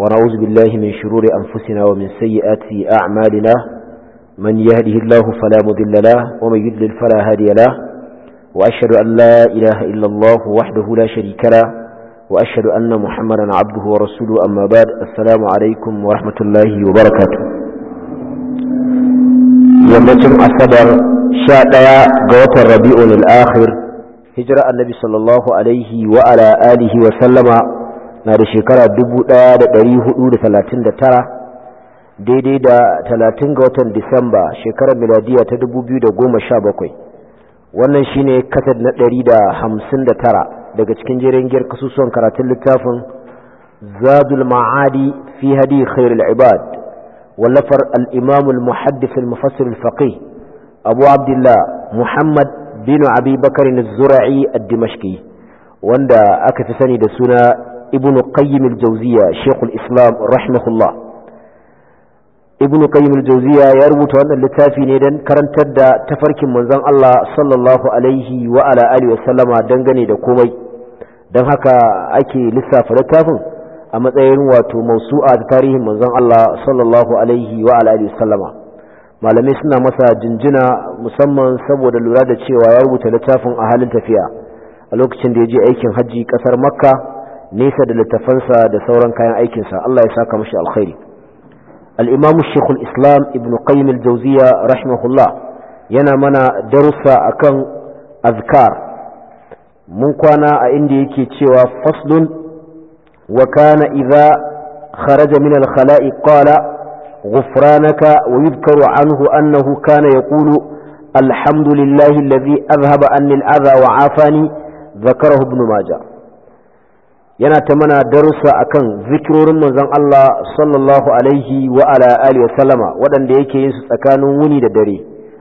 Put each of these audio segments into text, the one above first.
ونعوذ بالله من شرور أنفسنا ومن سيئات أعمالنا من يهده الله فلا مضل له ومن يضلل فلا هادي له وأشهد أن لا إله إلا الله وحده لا شريك له وأشهد أن محمدا عبده ورسوله أما بعد السلام عليكم ورحمة الله وبركاته yammacin asabar sha ɗaya ga watan rabi'un al'akhir hijira annabi sallallahu alaihi wa ala alihi wa sallama na da shekara 1439 daidai da 30 ga watan disamba shekarar miladiya ta 2017 wannan shine kasar na 159 daga cikin jerin giyar kasusuwan karatun littafin zadul ma'adi fi hadi khairul ibad wallafar al imamul muhaddis muhaddith al-mufassir abu abdullah muhammad bin abi bakarin zurai ad wanda aka fi sani da suna Ibnu qayyim al-jawziya islam rahimahullah ibn qayyim ya rubuta wannan littafi ne dan karantar da tafarkin manzon Allah sallallahu alaihi wa ala alihi wa dangane da komai dan haka ake lissafa littafin a matsayin wato mausu'a da tarihin manzon Allah sallallahu alaihi wa ala malamai suna masa jinjina musamman saboda lura da cewa ya rubuta littafin a halin tafiya a lokacin da ya je aikin hajji ƙasar makka nesa da littafansa da sauran kayan aikin sa Allah ya saka mashi alkhairi al-imam shekul islam ibn qayyim al-jawziya rahimahullah yana mana darussa kan azkar mun kwana a inda yake cewa faslun wa kana idza kharaja min al-khala'i qala غفرانك ويذكر عنه أنه كان يقول الحمد لله الذي أذهب عني الأذى وعافاني ذكره ابن maja. yana ta mana darussa akan zikirorin manzon Allah sallallahu alaihi wa ala alihi wasallama waɗanda yake yin su tsakanin wuni da dare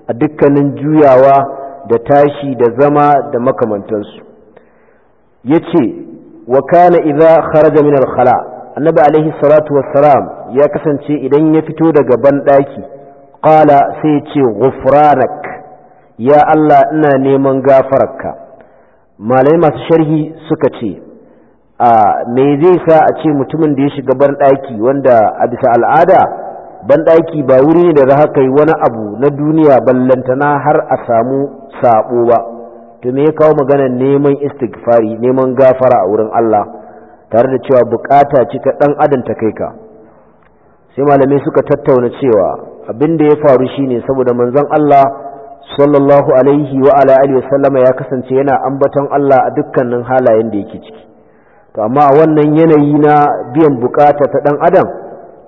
a dukkanin juyawa da tashi da zama da makamantansu yace wa kana idza kharaja min al-khala annabi alaihi salatu wassalam ya kasance idan ya fito daga banɗaki qala sai ce ghufranak ya Allah ina neman gafararka malai masu sharhi suka ce a me zai sa a ce mutumin da ya shiga banɗaki wanda a bisa al'ada banɗaki ba wuri ne da za ka yi wani abu na duniya ballantana har a samu sabo ba to me ya kawo magana neman istighfari neman gafara a wurin Allah tare da cewa bukata ce ta dan adam ta kai ka sai malamai suka tattauna cewa abin da ya faru shine saboda manzon Allah sallallahu alaihi wa ala alihi ya kasance yana ambaton Allah a dukkanin halayen da yake ciki to amma a wannan yanayi na biyan bukata ta dan adam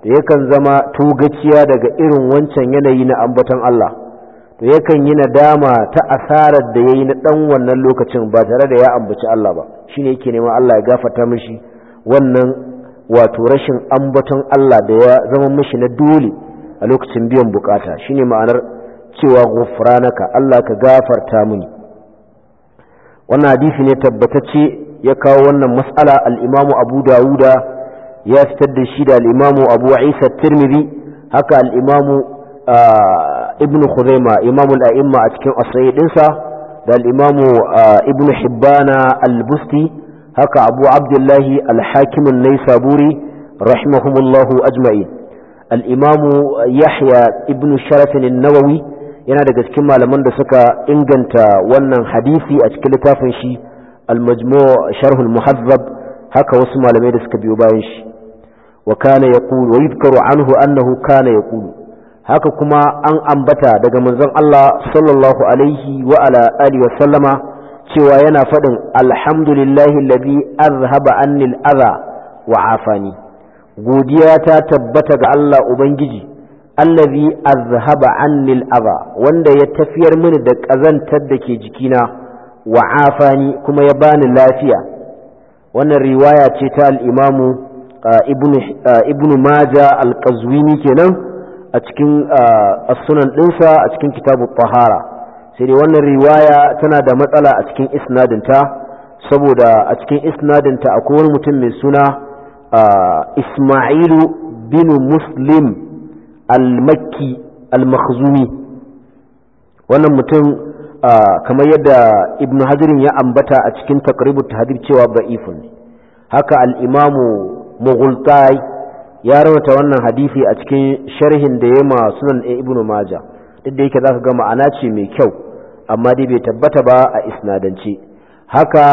da yakan zama tugaciya daga irin wancan yanayi na ambaton Allah to yakan yi nadama ta asarar da yayi na dan wannan lokacin ba tare da ya ambaci Allah ba shine yake neman Allah ya gafarta mishi wannan wato rashin ambaton Allah da ya zama mishi na dole a lokacin biyan bukata shine ma'anar cewa gufranaka Allah ka gafarta mini wannan hadisi ne tabbatacce ya kawo wannan mas'ala al'imamu abu dawuda ya fitar da shi da al'imamu abu isa tirmidhi haka al'imamu ah, ibn khuzaima imamul a'imma a cikin asrai dinsa da al'imamu ah, ibn hibbana al-busti haka abu abdullahi al-hakim an-naisaburi rahimahumullahu ajma'in al-imamu yahya ibn sharaf an-nawawi yana daga cikin malaman da suka inganta wannan hadisi a cikin littafin shi al-majmu' sharh al-muhazzab haka wasu malamai da suka biyo bayan shi wa kana yaqulu wa yudhkaru anhu annahu kana yaqulu haka kuma an ambata daga manzon Allah sallallahu alaihi wa wa sallama cewa yana faɗin alhamdulillahi alladhi azhaba anni al-adha wa afani godiya ta tabbata ga Allah ubangiji allazi azhaba anni al-adha wanda ya tafiyar mini da ƙazantar da ke jikina wa'afani kuma ya bani lafiya wannan riwaya ce ta al'imamu uh, ibnu uh, maja al-qazwini kenan a cikin uh, sunan ɗinsa a cikin kitabu tahara sai dai wannan riwaya tana da matsala a cikin isnadinta saboda a cikin isnadinta akwai wani mutum mai suna ismailu bin muslim al-makki al-makhzumi wannan mutum kamar yadda ibn hajirin ya ambata a cikin takribu tahdir cewa da'ifun haka al-imamu mughultai ya rawata wannan hadisi a cikin sharhin da ma sunan ibn maja duk da yake zaka ga ma'ana ce mai kyau amma dai bai tabbata ba a isnadance haka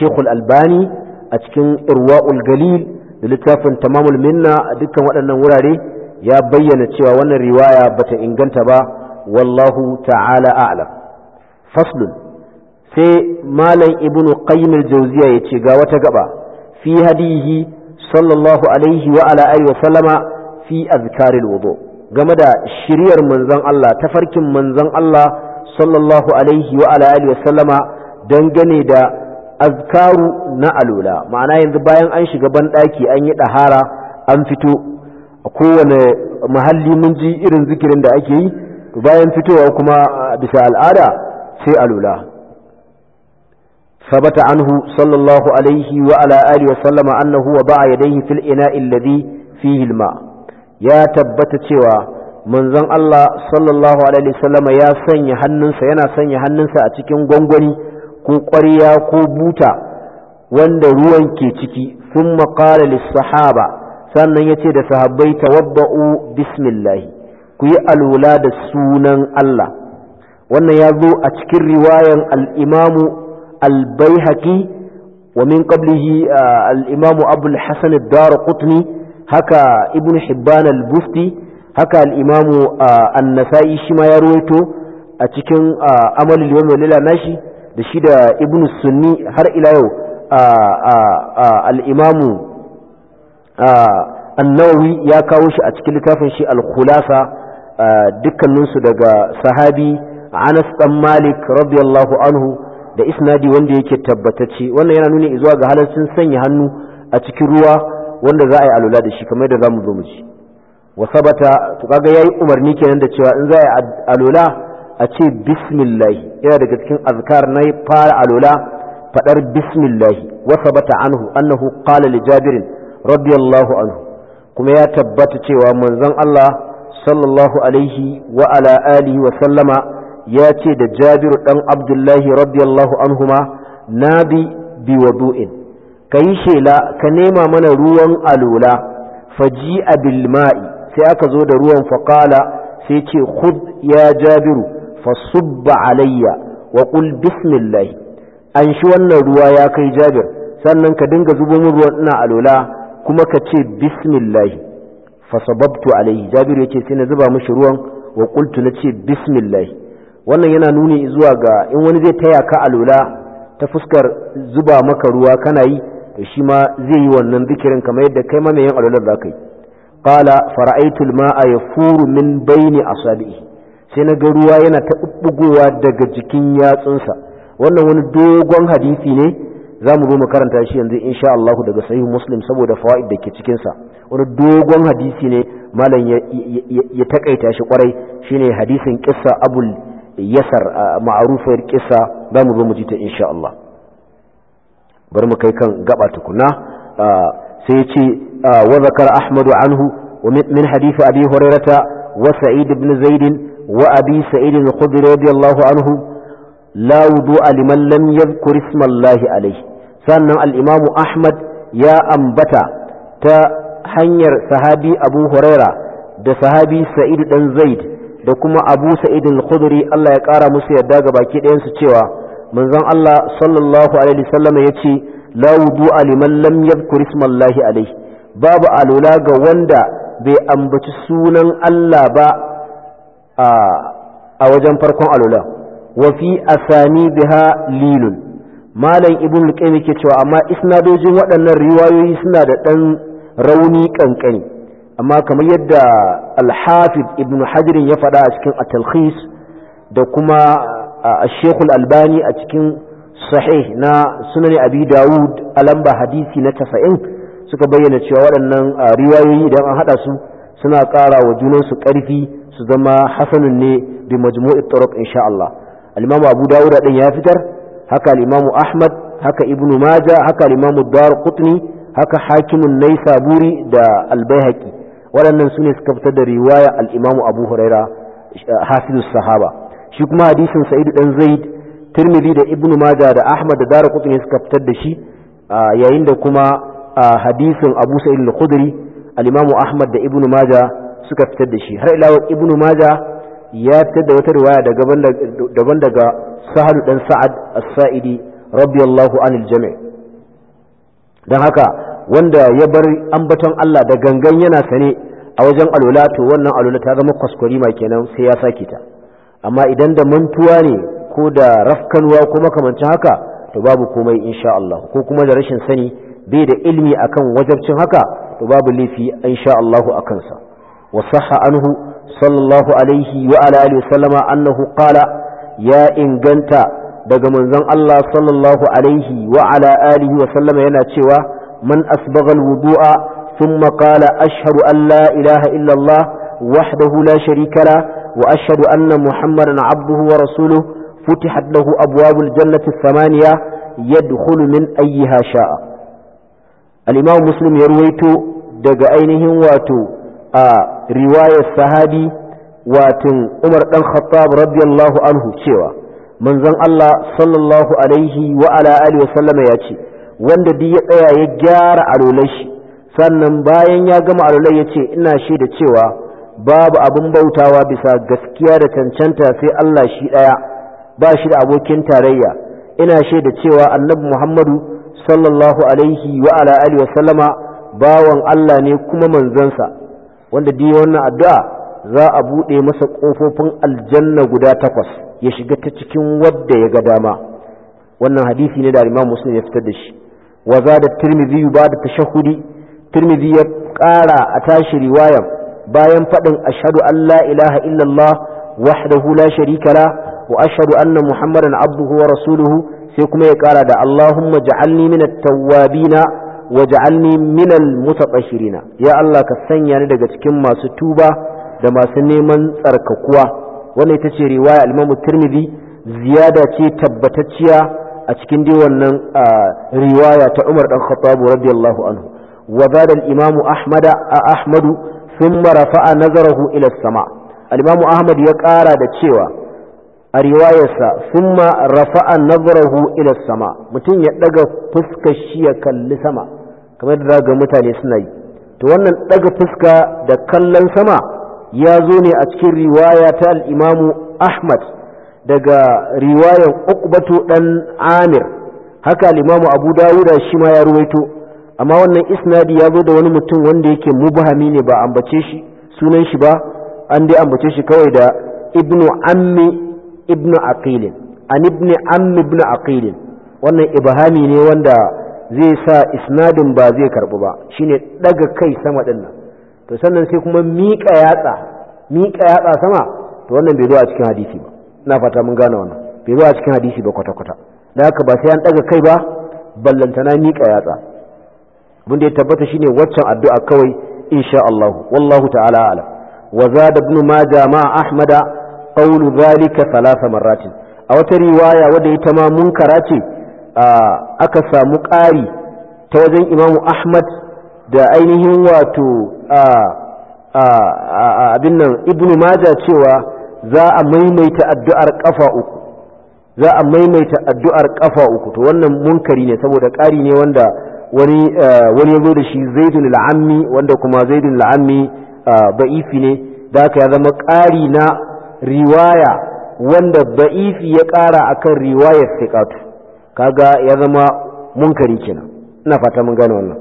shekul albani a cikin irwa'ul galil da littafin tamamul minna a dukkan waɗannan wurare ya bayyana cewa wannan riwaya bata inganta ba wallahu ta'ala a'lam faslun sai malam ibnu qayyim al-jawziya yace ga wata gaba fi hadihi sallallahu alaihi wa ala alihi wa sallama fi azkaril wudu game da shiryar manzon Allah tafarkin manzon Allah sallallahu alaihi wa ala alihi wa sallama dangane da azkaru na alula ma'ana yanzu bayan an shiga banɗaki an yi ɗahara an fito a kowane mahalli mun ji irin zikirin da ake yi bayan fitowa kuma bisa al'ada sai alula sabata anhu sallallahu alaihi wa ala wa sallama annahu wa ba'a yadayhi fil ina'i alladhi fihi alma ya tabbata cewa manzon Allah sallallahu alaihi wa sallama ya sanya hannunsa yana sanya hannunsa a cikin gwangwani ko ƙwariya ko buta wanda ruwan ke ciki sun maƙala sahaba sannan ya ce da sahabbai tawabba'u bismillahi ku yi alula da sunan Allah wannan ya zo a cikin riwayan al'imamu al-baihaqi wa min qablihi al-imamu abul hasan ad haka ibn hibban al-bufti haka al-imamu an-nasa'i shi ma ya ruwaito a cikin amalul yawmi wal lila nashi da shi da ibn sunni har ila yau al-imamu annawawi ya kawo shi a cikin littafin shi al-khulasa dukkaninsu daga sahabi Anas dan Malik radiyallahu anhu da isnadi wanda yake tabbatacce wannan yana nuni zuwa ga halaccin sanya hannu a cikin ruwa wanda za a yi alula da shi kamar yadda zamu zo mu ji wa sabata to kaga yayi umarni kenan da cewa in za a yi alula a ce bismillah yana daga cikin azkar na fara alula fadar bismillah wa sabata anhu annahu qala li Jabir radiyallahu anhu kuma ya tabbata cewa manzon Allah sallallahu alaihi wa ala alihi wa sallama ya ce da jabiru ɗan abdullahi radiyallahu anhuma na bi biwadu'in ka yi shela ka nema mana ruwan alula faji a bilma'i sai aka zo da ruwan faƙala sai ce khud ya jabiru fasubba alayya wa qul bismillah an shi wannan ruwa ya kai jabir sannan ka dinga zubo min ruwan ina alola kuma ka ce bismillah fasababtu alayhi jabiru yace sai na zuba mishi ruwan wa qultu nace bismillah wannan yana nuni zuwa ga in wani zai taya ka alula ta fuskar zuba maka ruwa kana yi to shi ma zai yi wannan zikirin kamar yadda kai ma mai yin alular za ka yi qala fara'aytu al-ma'a yafuru min bayni asabi'i sai na ga ruwa yana ta bugowa daga jikin yatsunsa wannan wani dogon hadisi ne za mu zo mu karanta shi yanzu insha Allah daga sahih muslim saboda fawaid da ke cikin sa wani dogon hadisi ne malam ya takaita shi kwarai shine hadisin qissa abul yasar ma'arufiyar kisa za mu zo mu ji ta insha Allah bari mu kai kan gaba tukuna sai ya ce wa zakar ahmadu anhu wa min hadisi abi hurairata wa sa'id ibn zaid wa abi sa'id al-khudri radiyallahu anhu la wudu'a liman lam yadhkur isma Allah alayhi sannan al-imam ahmad ya ambata ta hanyar sahabi abu huraira da sahabi sa'id dan zaid da kuma abu sa'id al-khudri Allah ya ƙara musu yadda ga baki ɗayan su cewa manzon Allah sallallahu alaihi wasallam ya ce la wudu'a liman lam yadhkur ismallahi alaihi babu alula ga wanda bai ambaci sunan Allah ba a wajen farkon alula wa fi asani biha lilun malam ibn al ke cewa amma isnadojin waɗannan riwayoyi suna da ɗan rauni kankani amma kamar yadda alhafid ibn hajirin ya faɗa a cikin atalkhis da kuma a shekul albani a cikin sahih na sunan abi dawud a lamba hadisi na tasa'in suka bayyana cewa waɗannan riwayoyi idan an haɗa su suna ƙara wa junansu ƙarfi su zama hasanun ne bi majmu'i turuq insha Allah al-imamu abu dawud ɗin ya fitar haka al-imamu ahmad haka ibnu majah haka al-imamu dar qutni haka hakimun naisaburi da al-baihaqi waɗannan su ne suka fitar da riwaya al'imamu abu huraira hasidu sahaba shi kuma hadisin sa'idu ɗan zaid tirmidhi da ibnu maja da ahmad da dara kutu ne suka fitar da shi yayin da kuma hadisin abu sa'id da khudri al'imamu ahmad da ibnu maja suka fitar da shi har ila ibnu maja ya fitar da wata riwaya daban daga sahalu ɗan sa'ad as-sa'idi radiyallahu anil jami' don haka wanda ya bar ambaton Allah da gangan yana sane a wajen alula to wannan alula ta zama kwaskwarima kenan sai ya sake ta amma idan da mantuwa ne ko da rafkanwa ko makamancin haka to babu komai insha Allah ko kuma da rashin sani bai da ilmi akan wajabcin haka to babu laifi insha Allah akan sa wa sahha anhu sallallahu alaihi wa ala alihi annahu qala ya inganta daga manzon Allah sallallahu alaihi wa ala alihi yana cewa من أسبغ الوضوء ثم قال أشهد أن لا إله إلا الله وحده لا شريك له وأشهد أن محمدا عبده ورسوله فتحت له أبواب الجنة الثمانية يدخل من أيها شاء الإمام مسلم يرويت دق أينه واتو آه رواية الصحابي واتن عمر بن الخطاب رضي الله عنه شوى منزل الله صلى الله عليه وعلى آله وسلم يأتي wanda duk ya tsaya ya gyara alolai shi sannan bayan ya gama alolai ya ce ina shi da cewa babu abin bautawa bisa gaskiya da cancanta sai Allah shi ɗaya ba shi da abokin tarayya ina shaida cewa annabi muhammadu sallallahu alaihi wa ala alihi wa sallama bawan Allah ne kuma manzansa wanda duk wannan addu'a za a buɗe masa ƙofofin aljanna guda takwas ya shiga ta cikin wadda ya ga dama wannan hadisi ne da imam muslim ya fitar da shi wa zada tirmidhi ba da tashahudi tirmidhi ya ƙara a tashi riwayan bayan faɗin ashadu an la ilaha illallah wahdahu la sharika la wa ashhadu anna muhammadan abduhu wa rasuluhu sai kuma ya kara da allahumma ja'alni min at-tawwabina wa ja'alni min al ya allah ka sanya ni daga cikin masu tuba da masu neman tsarkakuwa wannan ita ce riwaya al-imam tirmidhi ziyada ce tabbatacciya a cikin dai wannan riwaya ta Umar dan Khattab radiyallahu anhu wa zada al-Imam Ahmad Ahmad thumma rafa'a nazarahu ila as-sama al-Imam Ahmad ya ƙara da cewa a riwayarsa thumma rafa'a nazarahu ila as-sama mutum ya daga fuskar shi ya kalli sama kamar da ga mutane suna yi to wannan daga fuska da kallon sama ya zo ne a cikin riwaya ta al-Imam Ahmad daga riwayar ukbatu dan amir haka limamu abu dawuda shi ma ya ruwaito amma wannan isnadi ya zo da wani mutum wanda yake mubahami ne ba ambace shi sunan shi ba an dai ambace shi kawai da ibnu ammi ibnu aqilin an ibni ammi ibnu aqilin wannan ibahami ne wanda zai sa isnadin ba zai karbu ba shine daga kai sama din nan to sannan sai kuma miƙa yatsa miƙa yatsa sama to wannan bai zo a cikin hadisi ba na fata mun gane wannan bai zo a cikin hadisi ba kwata-kwata da haka ba sai an ɗaga kai ba ballantana miƙa yatsa mu da ya tabbata shine waccan addu'a kawai insha Allah wallahu ta'ala ala wa zada ibn majah ma ahmada qawlu zalika thalatha marratin a wata riwaya wadda ita ma munkara ce aka samu ƙari ta wajen imamu ahmad da ainihin wato abin nan ibn majah cewa za a maimaita addu'ar ƙafa uku za a maimaita addu'ar kafa uku to wannan munkari ne saboda ƙari ne wanda wani eh, wani yazo da shi zaidun la'ammi wanda kuma zaidun la'ammi ba'ifi eh, ne da haka ya zama ƙari na riwaya wanda ba'ifi ya ƙara akan riwayar fiqatu kaga ya zama munkari kenan ina fata mun gane wannan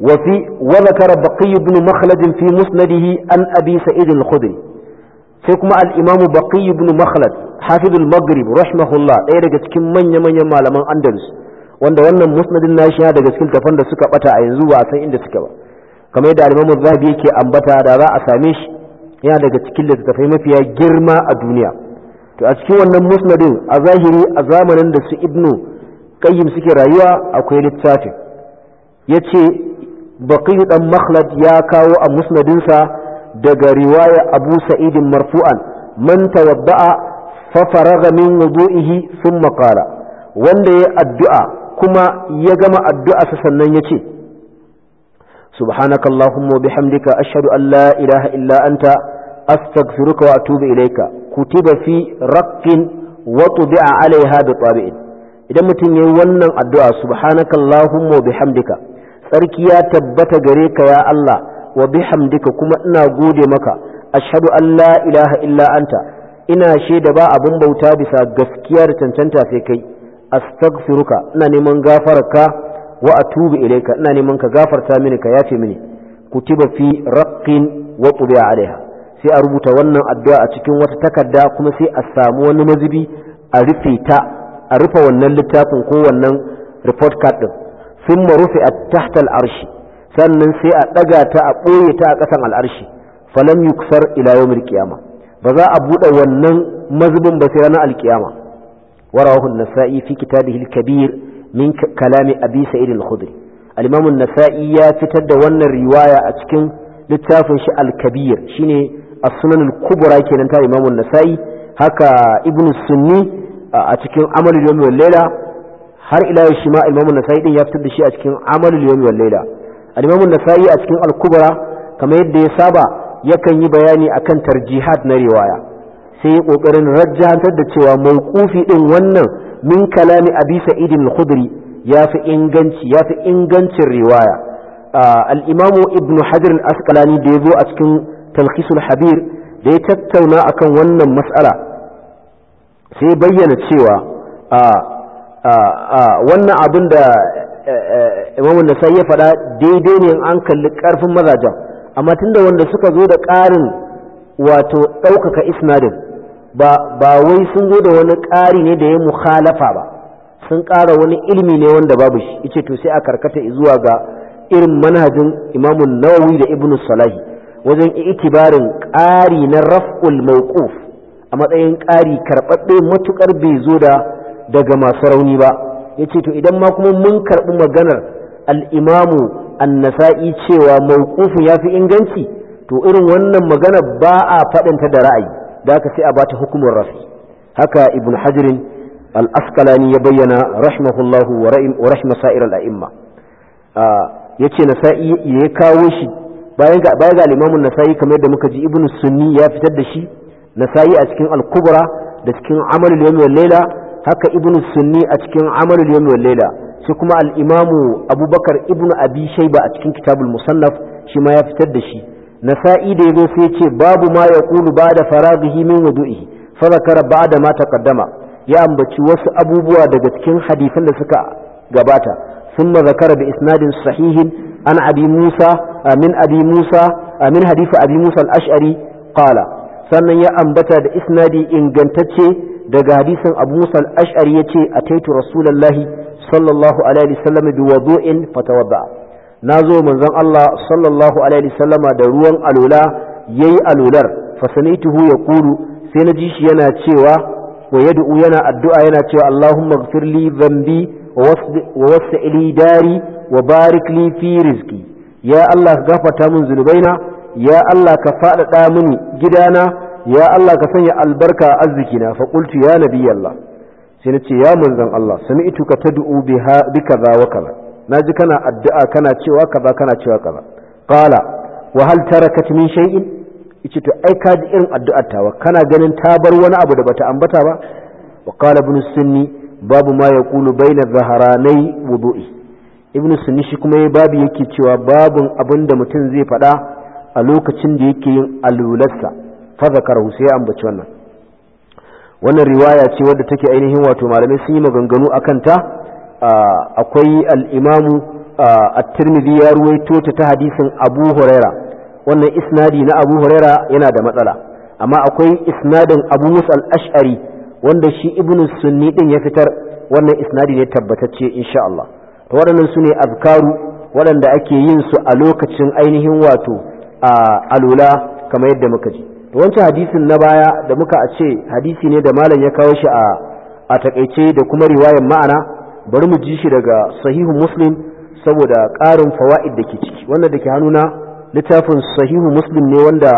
وفي وذكر بقي بن مخلد في مسنده عن أبي سعيد الخدري sai kuma al'imamu baƙi ibnu ibn makhlad hafidul maghrib rahimahullah ɗaya daga cikin manya-manyan malaman andalus wanda wannan musnadin nashi yana daga cikin tafan da suka bata a yanzu ba a san inda suka ba kamar yadda al'imamu zabi zahabi yake ambata da za a same shi yana daga cikin littattafai mafiya girma a duniya to a cikin wannan musnadin a zahiri a zamanin da su ibnu qayyim suke rayuwa akwai littafin ya yace baqi dan makhlad ya kawo a musnadinsa daga riwaya abu sa'idin marfu'an man tawadda'a fa faraga min wudu'ihi thumma qala wanda ya addu'a kuma ya gama addu'a sa sannan yace subhanakallahumma bihamdika ashhadu an la ilaha illa asfak astaghfiruka wa atubu ilayka kutiba fi raqqin wa tubi'a 'alayha bi tabi'in idan mutum yayi wannan addu'a subhanakallahumma bihamdika tsarki ya tabbata gareka ya Allah wa bihamdika kuma ina gode maka ashhadu an la ilaha illa anta ina shaida ba abin bauta bisa gaskiya da cancanta sai kai astaghfiruka ina neman gafararka wa atubu ilaika ina neman ka gafarta mini ka yafe mini kutiba fi raqqin wa tubi'a alaiha sai a rubuta wannan addu'a a cikin wata takarda kuma sai a samu wani mazubi a rufe ta a rufe wannan littafin ko wannan report card din thumma rufi'at a al-arshi sannan sai a ɗaga ta a ɓoye ta a ƙasan al'arshi falam yukfar ila yawmil qiyama ba za a buɗe wannan mazubin ba sai ranar alkiyama warahun nasai fi kitabihi kabir min kalami abi sa'id al-khudri al-imam an-nasa'i ya fitar da wannan riwaya a cikin littafin shi al-kabir shine as-sunan al-kubra kenan ta imam an-nasa'i haka ibn sunni a cikin amalul yawmi wal layla har ila yau shi ma imam an-nasa'i din ya fitar da shi a cikin amalul yawmi wal layla al-imam a cikin alkubra kamar yadda ya saba yakan yi bayani akan tarjihat na riwaya sai ya kokarin da cewa mawqufi din wannan min kalami abi sa'id al-khudri yafi inganci yafi ingancin riwaya al-imam ibn hajar al-asqalani da yazo a cikin talkhisul habir da ya tattauna akan wannan mas'ala sai bayyana cewa wannan abin da imamun nasai ya faɗa daidai ne an kalli ƙarfin mazajen amma tun da wanda suka zo da ƙarin wato ɗaukaka isnadin ba wai sun zo da wani ƙari ne da ya mukhalafa ba sun ƙara wani ilimi ne wanda babu shi ice to sai a karkata zuwa ga irin manhajin imamun nawawi da ibnu salahi wajen itibarin ƙari na raf'ul mawquf a matsayin ƙari karɓaɗɗe matuƙar bai zo da daga masu rauni ba yace to idan ma kuma mun karɓi maganar al'imamu annasa'i an-nasa'i cewa mawqufin yafi inganci to irin wannan magana ba a faɗinta da ra'ayi da haka sai a bata hukumar rafi haka ibn hajirin al ya bayyana rahmahullahu wa rahima sa'ir al-a'imma yace nasa'i ya kawo shi bayan ga bayan al-imamu nasa'i kamar yadda muka ji ibn sunni ya fitar da shi nasa'i a cikin al-kubra da cikin amalul yawmi wal layla haka ibn sunni a cikin amalul yawmi wal layla shi kuma al imamu abubakar ibn abi shayba a cikin kitabul musannaf shi ma ya fitar da shi nasa'i da yazo sai ya ce babu ma yaqulu ba'da faraghihi min wudu'ihi fa zakara ba'da ma taqaddama ya ambaci wasu abubuwa daga cikin hadisan da suka gabata ثم ذكر بإسناد صحيح عن أبي موسى من أبي موسى من حديث أبي موسى الأشعري قال sannan ya ambata da isnadi ingantacce daga hadisin abu musa ya ce a taitu rasulullahi sallallahu alaihi wasallam bi wudu'in fatawadda zo manzon Allah sallallahu alaihi wasallama da ruwan alula yayi alular fasanituhu yaqulu sai na ji shi yana cewa wa yad'u yana addu'a yana cewa Allahumma ighfir li dhanbi wa wasi' li dari wa barik li fi rizqi ya Allah gafarta min zunubaina ya Allah ka faɗaɗa mini gidana ya Allah ka sanya albarka a arzikina fa qultu ya nabi Allah sai nace ya manzon Allah sami'tu ka tad'u biha bikaza wa kaza naji kana addu'a kana cewa kaza kana cewa kaza qala wa hal tarakat min shay'in ice to ai ka ji irin addu'ar tawa kana ganin ta bar wani abu da bata ambata ba wa qala ibn sunni babu ma yaqulu baina zaharanai wudu'i ibn sunni shi kuma babu yake cewa babun abinda mutum zai faɗa a lokacin da yake yin alularsa fazakarahu sai ya ambaci wannan wannan riwaya ce wadda take ainihin wato malamai sun yi maganganu a kanta akwai al'imamu at-tirmidhi ya ruwaito ta hadisin abu huraira wannan isnadi na abu huraira yana da matsala amma akwai isnadin abu musa al-ash'ari wanda shi ibnu sunni din ya fitar wannan isnadi ne tabbatacce insha Allah to waɗannan su ne azkaru waɗanda ake yin su a lokacin ainihin wato a alula kamar yadda muka ji to wancan hadisin na baya da muka a ce hadisi ne da malam ya kawo shi a a takaice da kuma riwayar ma'ana bari mu ji shi daga sahihu muslim saboda ƙarin fawaid da ke ciki wannan da ke hannuna littafin sahihu muslim ne wanda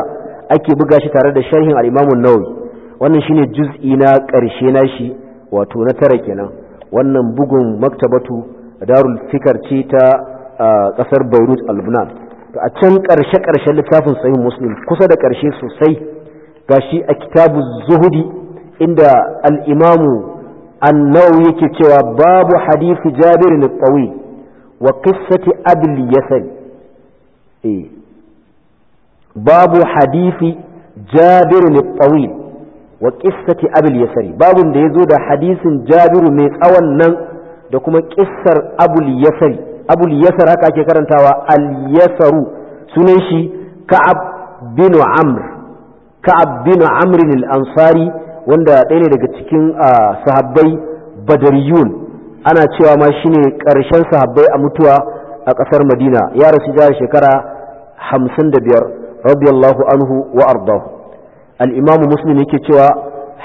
ake buga shi tare da sharhin al-imam an-nawawi wannan shine juz'i na ƙarshe na shi wato na tara kenan wannan bugun maktabatu darul fikar ce ta ƙasar beirut al-lebanon to a can ƙarshe ƙarshe littafin sahih muslim kusa da ƙarshe sosai gashi a kitabu zuhudi inda al-imamu annawi yake cewa babu hadisi jabir ne tsawi wa qissati abil yasan eh. babu hadisi jabir ne tsawi wa qissati abil yasan babun da ya zo da hadisin jabiru mai tsawon nan da kuma kissar abul yasan abul yasar haka ake karantawa al yasaru sunan shi ka'ab bin amr ka'ab bin amr al ansari wanda ɗaya ne daga cikin sahabbai badariyun ana cewa ma shine ƙarshen sahabbai a mutuwa a ƙasar madina ya rasu jihar shekara hamsin da biyar radiyallahu anhu wa ardahu al'imamu muslim yake cewa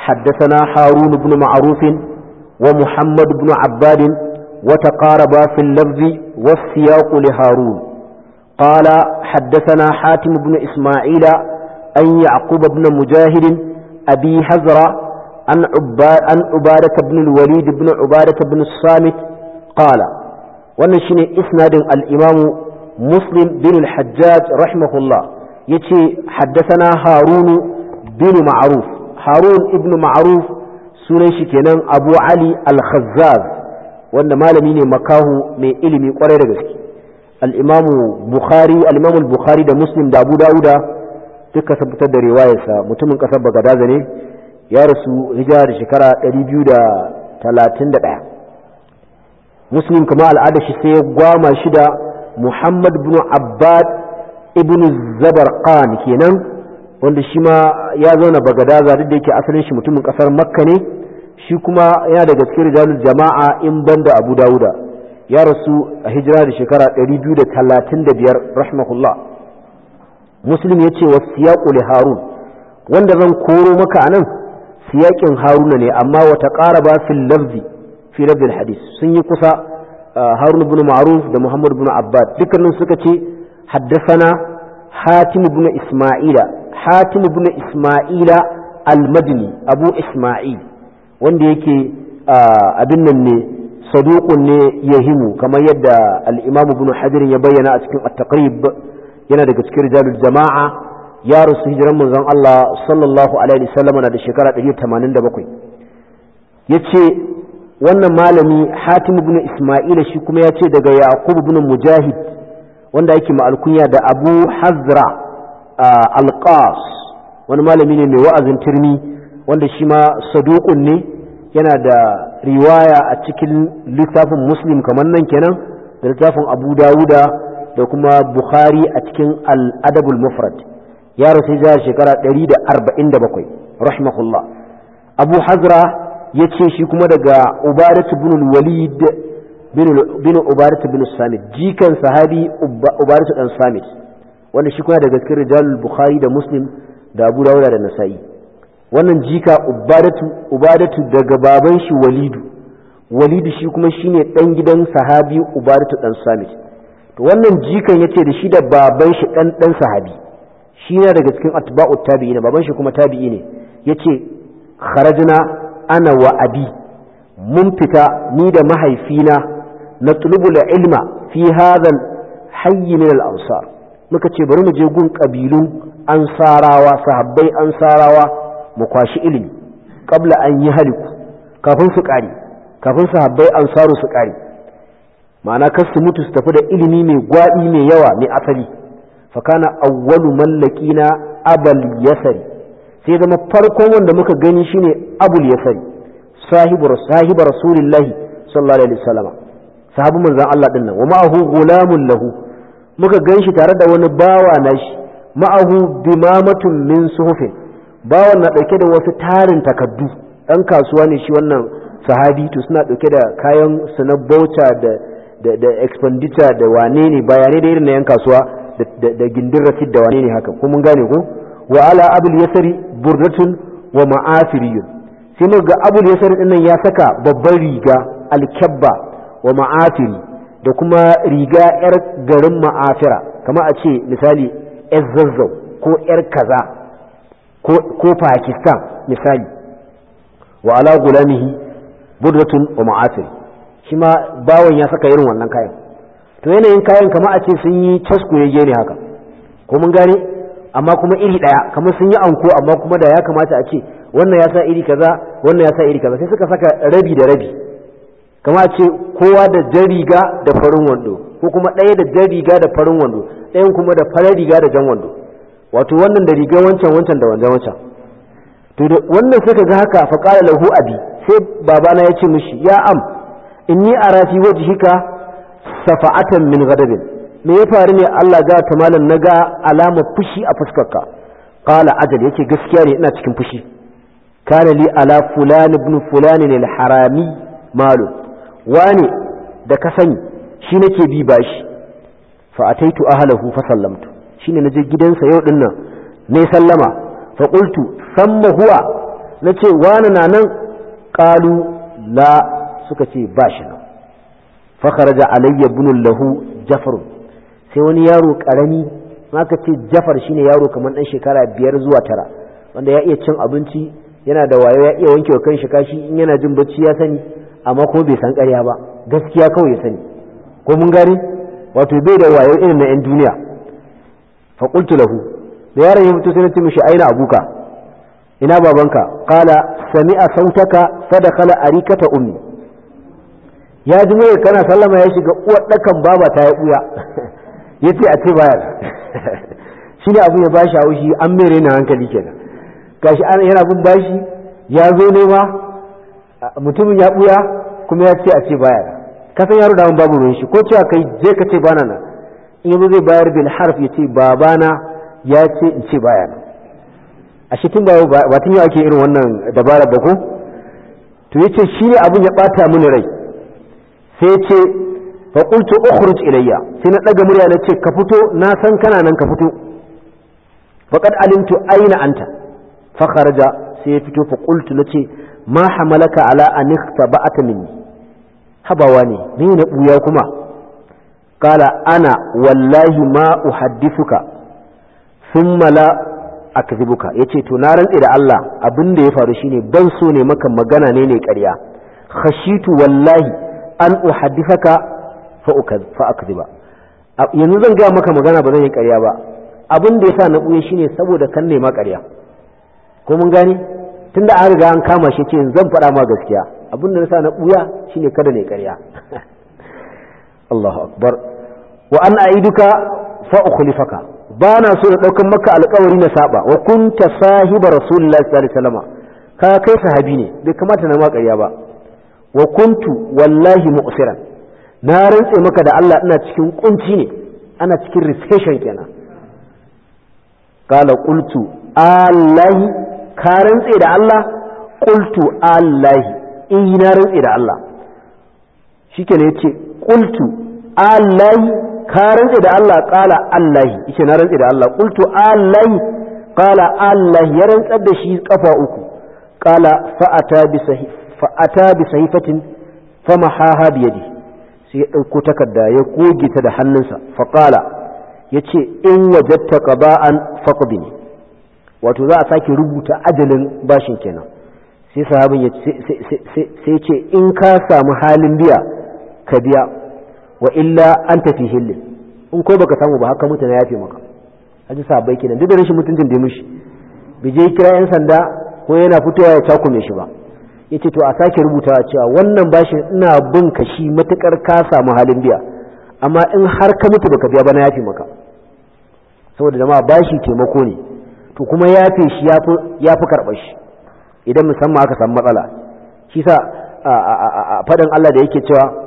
haddasana harun ibn ma'arufin wa muhammad ibn abbadin وتقاربا في اللفظ والسياق لهارون قال حدثنا حاتم بن إسماعيل أن يعقوب بن مجاهد أبي حزرة عن عبادة بن الوليد بن عبادة بن الصامت قال ونشن إسناد الإمام مسلم بن الحجاج رحمه الله يتي حدثنا هارون بن معروف هارون ابن معروف سنشكنا أبو علي الخزاز wanda malami ne makahu mai ilimi kwarai da gaske al'imamu imamu bukhari al bukhari da muslim da abu dauda duka sun da riwayarsa mutumin kasar bagadaza ne ya rasu hijira da shekara 231 muslim kuma al'ada shi sai ya gwama shida muhammad bin abbad ibn zabarqan kenan wanda shi ma ya zauna bagadaza duk da yake asalin shi mutumin kasar makka ne shi kuma yana daga cikin rijalul jama'a in banda abu dawuda ya rasu a hijira da shekara 235 rahimahullah muslim ya ce wa siyaƙu li harun wanda zan koro maka anan siyaƙin haruna ne amma wata ƙara ba fil lafzi fi hadis sun yi kusa harun ibn ma'ruf da muhammad ibn abbad dukkanin suka ce haddasana hatim ibn isma'ila hatim ibn isma'ila al-madini abu isma'il wanda yake abin nan ne saduqun ne yahimu kamar yadda al-Imam Ibn Hajar ya bayyana a cikin at-Taqrib yana daga cikin rijalul jama'a ya rusu hijiran manzon Allah sallallahu alaihi wasallam na da shekara 187 yace wannan malami Hatim ibn Isma'il shi kuma yace daga Yaqub ibn Mujahid wanda yake ma alkunya da Abu Hazra al-Qas wani malami ne mai wa'azin tirmi wanda shi ma saduƙun ne yana da riwaya a cikin littafin muslim kamar nan kenan da littafin abu dawuda da kuma bukhari a cikin al'adabul mufrad ya rasu ya shekara 147 rahimahullah abu hazra ya ce shi kuma daga ubarat bin walid bin ubarat bin samit jikan sahabi ubarat dan samit wanda shi kuma daga cikin rijalul bukhari da muslim da abu dawuda da nasa'i wannan jika ubadatu daga baban shi walidu walidu shi kuma shine dan gidan sahabi ubadatu dan salih to wannan jikan yace da shi da baban shi dan dan sahabi shi ne daga cikin atba'u tabi'ina baban shi kuma tabi'i ne yace kharajna ana wa abi mun fita ni da mahaifina na tulubul ilma fi hadhal hayy min al ansar muka ce bari mu je gun kabilun ansarawa sahabbai ansarawa mu kwashi ilimi kabla an yi haliku kafin su kare kafin sahabbai ansaru su kare ma'ana kar su mutu su tafi da ilimi mai gwabi mai yawa mai asali fa kana awwalu mallakina abal yasari sai zama farkon wanda muka gani shine abul yasari sahibu sahibu rasulillahi sallallahu alaihi wasallam sahabu manzon Allah dinnan wa ma'ahu gulamun lahu muka ganshi tare da wani bawa nashi ma'ahu bimamatun min suhufin bawan na ɗauke da wasu tarin takaddu ɗan kasuwa ne shi wannan sahabi to suna ɗauke da kayan su na bauta da da expenditure da wane ne bayanai da irin na yan kasuwa da gindin rasid da wane ne haka ko mun gane ko wa ala abul yasari burdatun wa ma'asiriyun sai muka ga abul yasari din nan ya saka babban riga alkabba wa ma'asiri da kuma riga yar garin ma'afira kamar a ce misali yar zazzau ko yar kaza ko pakistan misali wa ala gulamihi budratun wa ma'asir shi ma bawon ya saka irin wannan kayan to yanayin kayan kamar a ce sun yi casku ya ne haka ko mun gane amma kuma iri daya kamar sun yi anko amma kuma da ya kamata a ce wannan ya sa iri kaza wannan ya sa iri kaza sai suka saka rabi da rabi kama a ce kowa da jariga da farin wando ko kuma ɗaya da jariga da farin wando ɗayan kuma da farar riga da jan wando wato wannan da rigar wancan wancan da wanzan wancan to wannan sai kaga haka fa qala lahu abi sai babana ya ce mishi ya am inni arafi fi wajhika safa'atan min ghadabin me ya faru ne Allah ga ta malam naga alama fushi a fuskarka qala ajal yake gaskiya ne ina cikin fushi kana li ala fulan ibn fulan al harami malu wani da ka sani shi nake bi bashi fa ataitu ahlahu fa sallamtu shine na je gidansa yau din nan ne sallama fa san samma huwa ce wani na nan ƙalu la suka ce ba shi nan Fakar da alayya ibn lahu jafarun sai wani yaro ƙarami maka ce jafar ne yaro kamar ɗan shekara biyar zuwa tara wanda ya iya cin abinci yana da wayo ya iya wanke wa kanshi kashi in yana jin bacci ya sani amma ko bai san ƙarya ba gaskiya kawai ya sani ko mun gari wato bai da wayo irin na 'yan duniya fa qultu lahu da yaron ya fito sai na ce mishi aina abuka ina babanka qala sami'a sautaka fadakhala arikata ummi ya ji mai kana sallama ya shiga uwar dakan baba ta ya buya yace a ce baya shi ne abin ya bashi haushi an mere na hankali kenan gashi an yana bin bashi ya zo ne ma mutumin ya buya kuma ya ce a ce baya kasan yaro da babu ruwan shi ko cewa kai je ka ce bana nan in yanzu zai bayar bin harf ya ce babana ya ce in ce baya nan a shi tun ba tun yau ake irin wannan dabara ba ko to ya ce shi ne abin ya bata mini rai sai ya ce fa qultu ukhruj ilayya sai na daga murya na ce ka fito na san kana nan ka fito faqad alimtu aina anta fa kharaja sai ya fito fa na ce ma hamalaka ala an ta minni habawa ne ne na buya kuma qala ana wallahi ma uhaddithuka thumma la akdhibuka yace to na rantse da Allah abinda ya faru shine ban so ne maka magana ne ne ƙarya khashitu wallahi an uhaddithaka fa fa yanzu zan gaya maka magana ba zan yi karya ba abin da yasa na buye shine saboda kan nema ƙarya ko mun gane tunda an riga an kama shi ce zan faɗa ma gaskiya abinda na sa na buya shine kada ne karya. Allahu akbar wa an aiduka fa ukhlifaka ba na so da daukan maka alƙawari na saba wa kunta sahiba rasulullahi sallallahu alaihi wasallam ka kai sahabi ne bai kamata na ma ƙarya ba wa kuntu wallahi mu'siran na rantse maka da Allah ina cikin kunci ne ana cikin recession kenan kala qultu allahi ka rantse da Allah qultu allahi in eh, na rantse da Allah shikenan yace qultu allahi ka rantse da Allah qala allahi yace na rantse da Allah qultu allahi qala allahi ya rantsar da shi kafa uku qala fa'ata bi sahif fa'ata bi sahifatin famahaha bi yadi sai ya ɗauko takarda ya goge ta da hannunsa faƙala ya ce in wajatta qaba'an faqdini wato za a sake rubuta ajalin bashin kenan sai sahabin ya ce in ka samu halin biya ka biya wa illa an tafi hillin in ko baka samu ba haka mutane yafe maka aji sabai kenan duk da rashin mutuncin da mushi bai je kira yan sanda ko yana fitowa ya cakume shi ba yace to a sake rubuta cewa wannan bashin ina bin ka shi matukar ka samu halin biya amma in har ka mutu baka biya ba na yafe maka saboda jama'a bashi taimako ne to kuma yafe shi yafi karɓar shi idan musamman aka samu matsala shi sa a faɗin Allah da yake cewa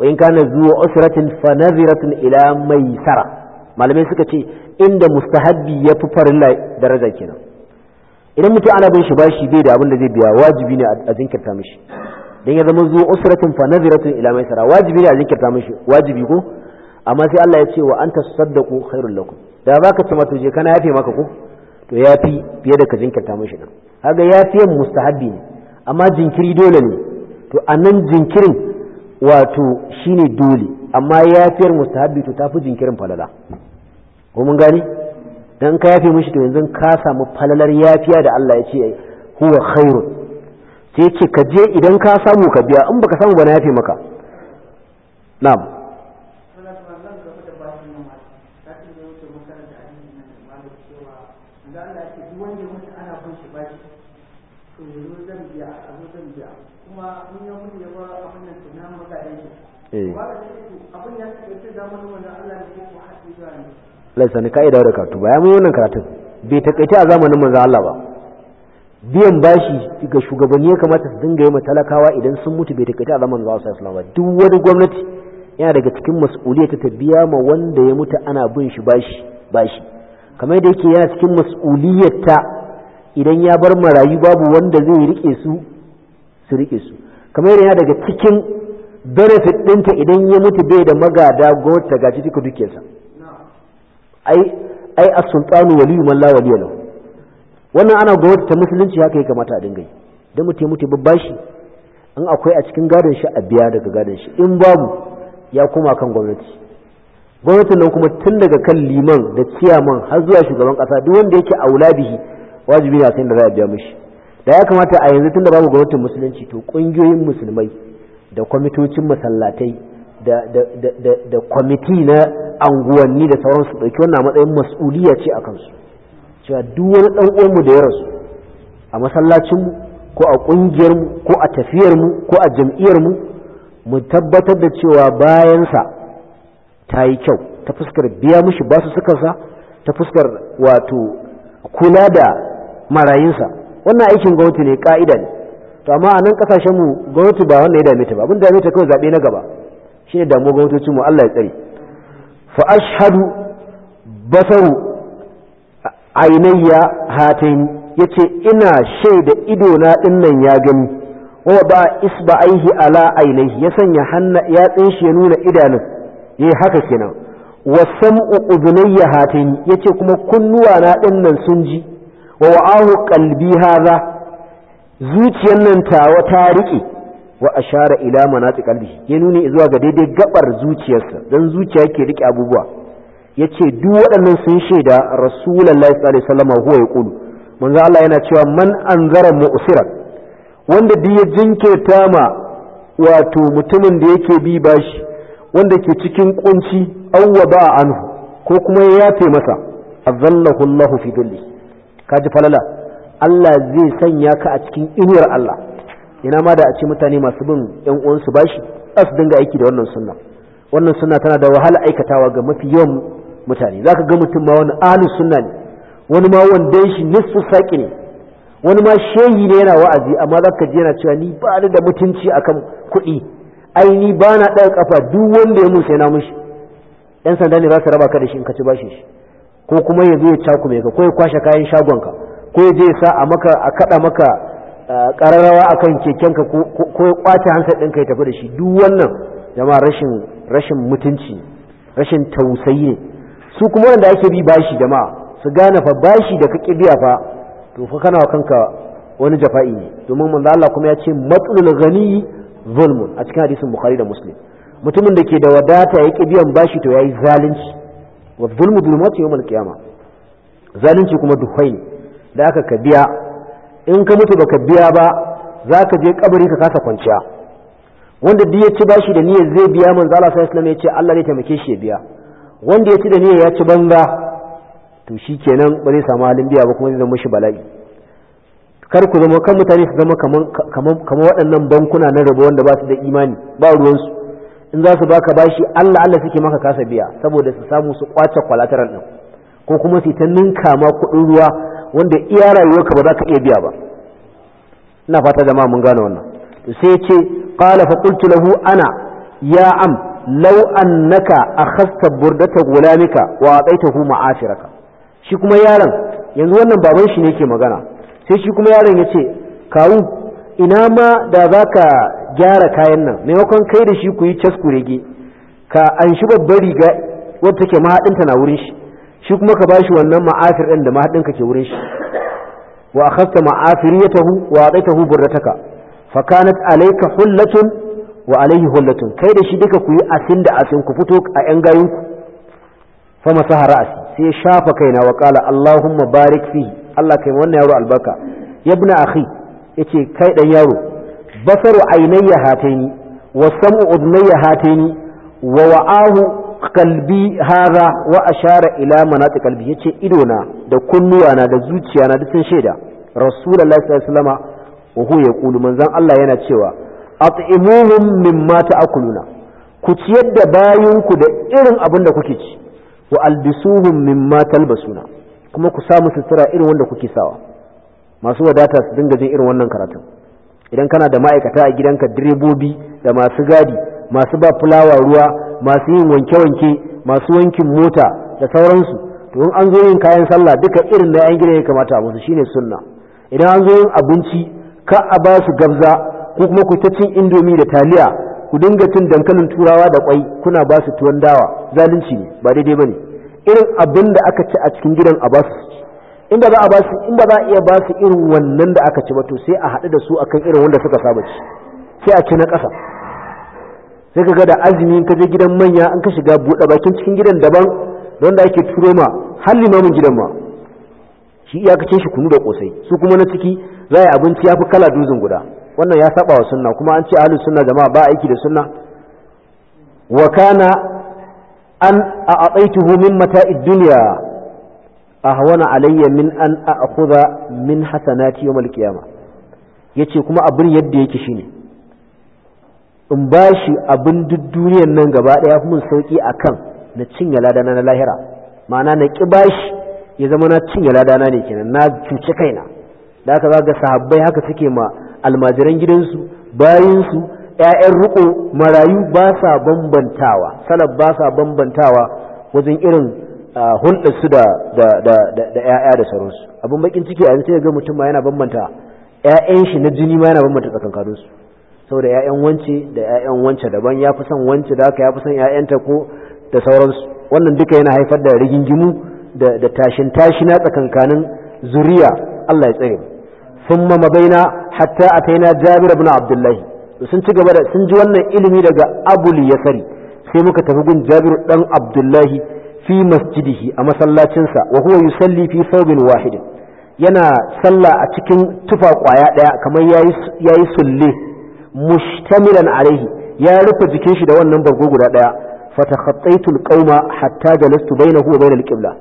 wa in kana zuwa usratin fa nadhiratun ila maisara malamai suka ce inda mustahabbi ya fi farilla daraja kenan idan mutum ana bin shi bashi bai da abin da zai biya wajibi ne a jinkirta mishi dan ya zama zuwa usratin fa nadhiratun ila maisara wajibi ne a jinkirta mishi wajibi ko amma sai Allah ya ce wa anta saddaqu khairul lakum da baka ci mato je kana yafe maka ko to yafi fiye da ka jinkirta mishi din kaga yafiyan mustahabbi ne amma jinkiri dole ne to anan jinkirin wato shine dole amma yafiyar mustahabbi to tafi jinkirin falala ko mun gani dan ka yafe mishi to yanzu ka samu falalar yafiya da Allah ya ce huwa khairun sai ce ka je idan ka samu ka biya in baka samu ba na yafe maka na. Eh. laisa ni ka'ida da karatu ba ya mun wannan karatun bai takaice a zamanin manzo Allah ba biyan bashi ga shugabanni ya kamata su dinga yi talakawa idan sun mutu bai takaice a zamanin manzo Allah ba duk wani gwamnati yana daga cikin mas'uliyar ta biya ma wanda ya mutu ana bin shi bashi bashi kamar da yake yana cikin mas'uliyar ta idan ya bar marayu babu wanda zai rike su su rike su kamar yana daga cikin benefit ɗinta idan ya mutu bai da magada gwamnati ta gaji duka dukiyarsa ai ai as-sultanu waliyu man la waliya wannan ana gwamnati ta musulunci haka ya kamata a dinga yi dan mutum mutu babba shi in akwai a cikin gadon shi a biya daga gadon shi in babu ya koma kan gwamnati gwamnatin nan kuma tun daga kan liman da ciyaman har zuwa shugaban kasa duk wanda yake aula bihi wajibi ne san da za a biya mishi da ya kamata a yanzu tun da babu gwamnatin musulunci to kungiyoyin musulmai da kwamitocin masallatai da kwamiti na anguwanni da sauransu ɗauki wannan matsayin mas'uliya ce a kansu cewa duk wani ɗan da ya rasu a masallacinmu ko a ƙungiyarmu ko a tafiyarmu ko a jam'iyyarmu mu tabbatar da cewa bayansa ta yi kyau ta fuskar biya mishi basu sukarsa ta fuskar wato kula da marayinsa wannan aikin gwamnati ne ka'ida ne to amma a nan kasashen mu gwamnati ba wanda ya dame ta ba abin da dame ta kawai zaɓe na gaba shine damuwa gwamnatocin mu Allah ya tsare fa ashhadu basaru ainayya hatain yace ina shaida ido na dinnan ya gani wa ba isba'aihi ala ainihi ya sanya hanna ya tsinshi ya nuna idanun yayi haka kenan wa sam'u udunayya hatain yace kuma kunnuwa na dinnan sun ji wa wa'ahu qalbi hadha zuciyar nan tawa ta riƙe wa ashara ila manati qalbi ya nuni zuwa ga daidai gabar zuciyarsa dan zuciya yake riƙe abubuwa yace duk waɗannan sun shaida rasulullahi sallallahu alaihi wasallam huwa yaqulu manzo Allah yana cewa man anzara musira. wanda duk ya jinke tama wato mutumin da yake bi bashi wanda ke cikin kunci awwa ba anhu ko kuma ya yafe masa azallahu Allahu fi dhilli kaji falala Allah zai sanya ka a cikin inuwar Allah ina ma da a ci mutane masu bin yan uwansu bashi za su dinga aiki da wannan sunna wannan sunna tana da wahala aikatawa ga mafi yawan mutane za ka ga mutum ma wani alu sunna ne wani ma wanda shi nisfu saki ne wani ma shehi ne yana wa'azi amma zaka ji yana cewa ni ba ni da mutunci akan kuɗi ai ni ba na ɗaga kafa duk wanda ya mun sai na mushi yan sanda ne za su raba ka da shi in ka ci ba shi ko kuma ya zo ya cakume ka ko ya kwashe kayan ka. ko ya je sa a maka a kada maka kararrawa akan kekenka ko ya kwace ɗin ka ya tafi da shi duk wannan jama'a rashin rashin mutunci rashin tausayi ne su kuma wanda ake bi bashi jama'a su gane fa bashi da kake biya fa to fa kana kanka wani jafa'i ne domin manzo Allah kuma ya ce matsalul ghani zulmun a cikin hadisin bukhari da muslim mutumin da ke da wadata ya ki biyan bashi to yayi zalunci wa zulmu zulmatu yawmal qiyamah zalunci kuma duhai da aka ka biya in ka mutu baka biya ba za ka je kabari ka kasa kwanciya wanda duk ya ci bashi da niyyar zai biya manzo Allah sallallahu alaihi ya ce Allah ne taimake shi ya biya wanda ya ci da niyyar ya ci banza to shikenan ba zai samu halin biya ba kuma zai zama shi bala'i kar ku zama kan mutane su zama kamar waɗannan bankuna na rabo wanda ba su da imani ba ruwan su in za su baka bashi Allah Allah suke maka kasa biya saboda su samu su kwace kwalataran din ko kuma su ta ninka ma kuɗin ruwa wanda iya rayuwarka ba za ka iya biya ba ina fata jama'a mun gane wannan to sai ce qala fa qultu lahu ana ya am law annaka akhadta burdata gulamika wa ataitahu ma'ashiraka shi kuma yaron yanzu wannan baban shi ne ke magana sai shi kuma yaron ya ce kawu ina ma da za ka gyara kayan nan maimakon kai da shi ku yi caskurege ka an shi babbar riga wadda take mahaɗinta na wurin shi shi kuma ka bashi wannan ma'afir ɗin da mahaɗin ka ke wurin shi wa akhadta ma'afiriyatahu wa ta burrataka fa kanat alayka hullatun wa alayhi hullatun kai da shi duka ku yi asin da asin ku fito a yan gayin ku fa masaha ra'asi sai ya shafa kai na qala allahumma barik fi Allah kai wannan yaro albarka yabna akhi yace kai ɗan yaro basaru aynayya hataini wa sam'u udnayya hataini wa wa'ahu kalbi haza wa ashara ila manati kalbi yace ido na da kunnuwa na da zuciya na sun shaida rasulullahi sallallahu alaihi wasallama wa ya yaqulu manzon Allah yana cewa at'imuhum mimma ta'kuluna ku ciyar da bayinku da irin abin da kuke ci wa albisuhum mimma talbasuna kuma ku samu sutura irin wanda kuke sawa masu wadata su dinga jin irin wannan karatun idan kana da ma'aikata a gidanka direbobi da masu gadi masu ba fulawa ruwa masu yin wanke-wanke masu wankin mota da sauransu to in an zo yin kayan sallah duka irin na yan gida ya kamata a musu shine sunna idan an zo yin abinci ka a ba su gabza ko kuma ku ta cin indomi da taliya ku dinga cin dankalin turawa da kwai kuna ba su tuwon dawa zalunci ne ba daidai bane irin abin da aka ci a cikin gidan a ba su inda za a ba su inda za a iya ba su irin wannan da aka ci ba to sai a haɗu da su akan irin wanda suka saba ci sai a ci na ƙasa sai ka ga da azumi ka je gidan manya an ka shiga buɗe bakin cikin gidan daban don da ake turo ma har limamin gidan ma shi iyakacin shi kunu da kosai su kuma na ciki za a yi abinci ya fi kala dozin guda wannan ya saba wa sunna kuma an ce ahlu sunna jama'a ba aiki da sunna wa kana an tuho min mata'id dunya ahwana alayya min an a'khudha min hasanati yawm al-qiyamah yace kuma abin yadda yake shine in ba shi abin duk duniyar nan gaba ɗaya mun sauƙi a kan na cinye ladana na lahira ma'ana na ƙi ba shi ya zama na cinye ladana ne kenan na cuci kaina da aka zaga ga sahabbai haka suke ma almajiran gidansu bayansu ‘ya'yan riƙo marayu ba sa bambantawa salaf ba sa bambantawa wajen irin hulɗarsu da ‘ya'ya da sauransu abin bakin ciki a yanzu sai ga mutum ma yana bambanta ‘ya'yan shi na jini ma yana bambanta tsakankaninsu saboda yayan wance da yayan wance daban ya fi son wance da haka ya fi son ƴaƴanta ko da sauransu wannan duka yana haifar da rigingimu da tashin tashi na tsakankanin zuriya Allah ya Sun ma mabaina hatta a ataina Jabir abin Abdullahi, sun ci gaba da sun ji wannan ilimi daga Abul Yasari sai muka tafi gun Jabir dan Abdullahi fi masjidihi a masallacinsa wa huwa yusalli fi saubin wahidin, yana sallah a cikin tufa kwaya daya kamar yayi yayi sulle mushtamilan alaihi ya rufe jikin shi da wannan bargo guda daya fatakhattaitul qauma hatta jalastu bainahu wa bainal qibla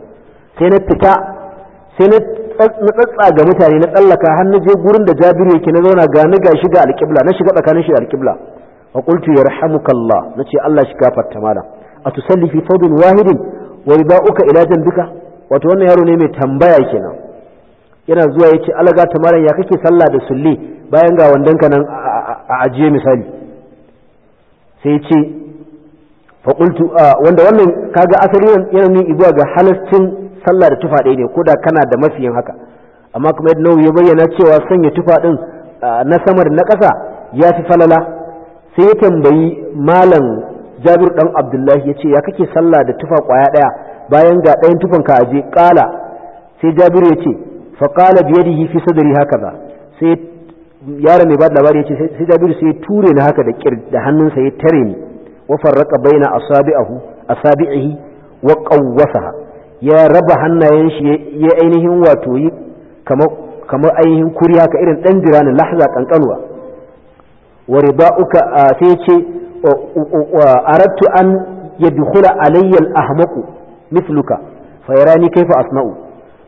sai na fita sai na tsatsa ga mutane na tsallaka har na je gurin da Jabiru yake na zauna ga ni ga shiga alqibla na shiga tsakanin shi da alqibla wa qultu yarhamukallah nace Allah shi gafarta malam atusalli fi thawbin wahidin wa ridauka ila janbika wato wannan yaro ne mai tambaya kenan yana zuwa yace alaga ta malam ya kake sallah da sulli bayan ga wandanka nan a ajiye misali sai ce faƙultu wanda wannan kaga asali yana nuni izuwa ga halascin sallah da tufa ɗaya ne ko da kana da mafiyin haka amma kuma yadda ya bayyana cewa sanya tufa ɗin na sama na ƙasa ya fi falala sai ya tambayi malam jabir ɗan abdullahi ya ce ya kake sallah da tufa ƙwaya ɗaya bayan ga ɗayan tufan ka aje ƙala sai jabir ya ce faƙala yi fi sadari haka ba sai yaron mai bada labari ce sai Jabiru sai ya ture ni haka da kir da hannunsa ya tare ni wa farraqa baina asabi'ahu asabi'ihi wa qawwasaha ya raba hannayen shi ya ainihin wato yi kamar kamar ainihin kuri haka irin dan jira na lahza kankanwa wa rida'uka sai ce aradtu an yadkhula alayya al-ahmaqu mithluka fayarani kaifa asna'u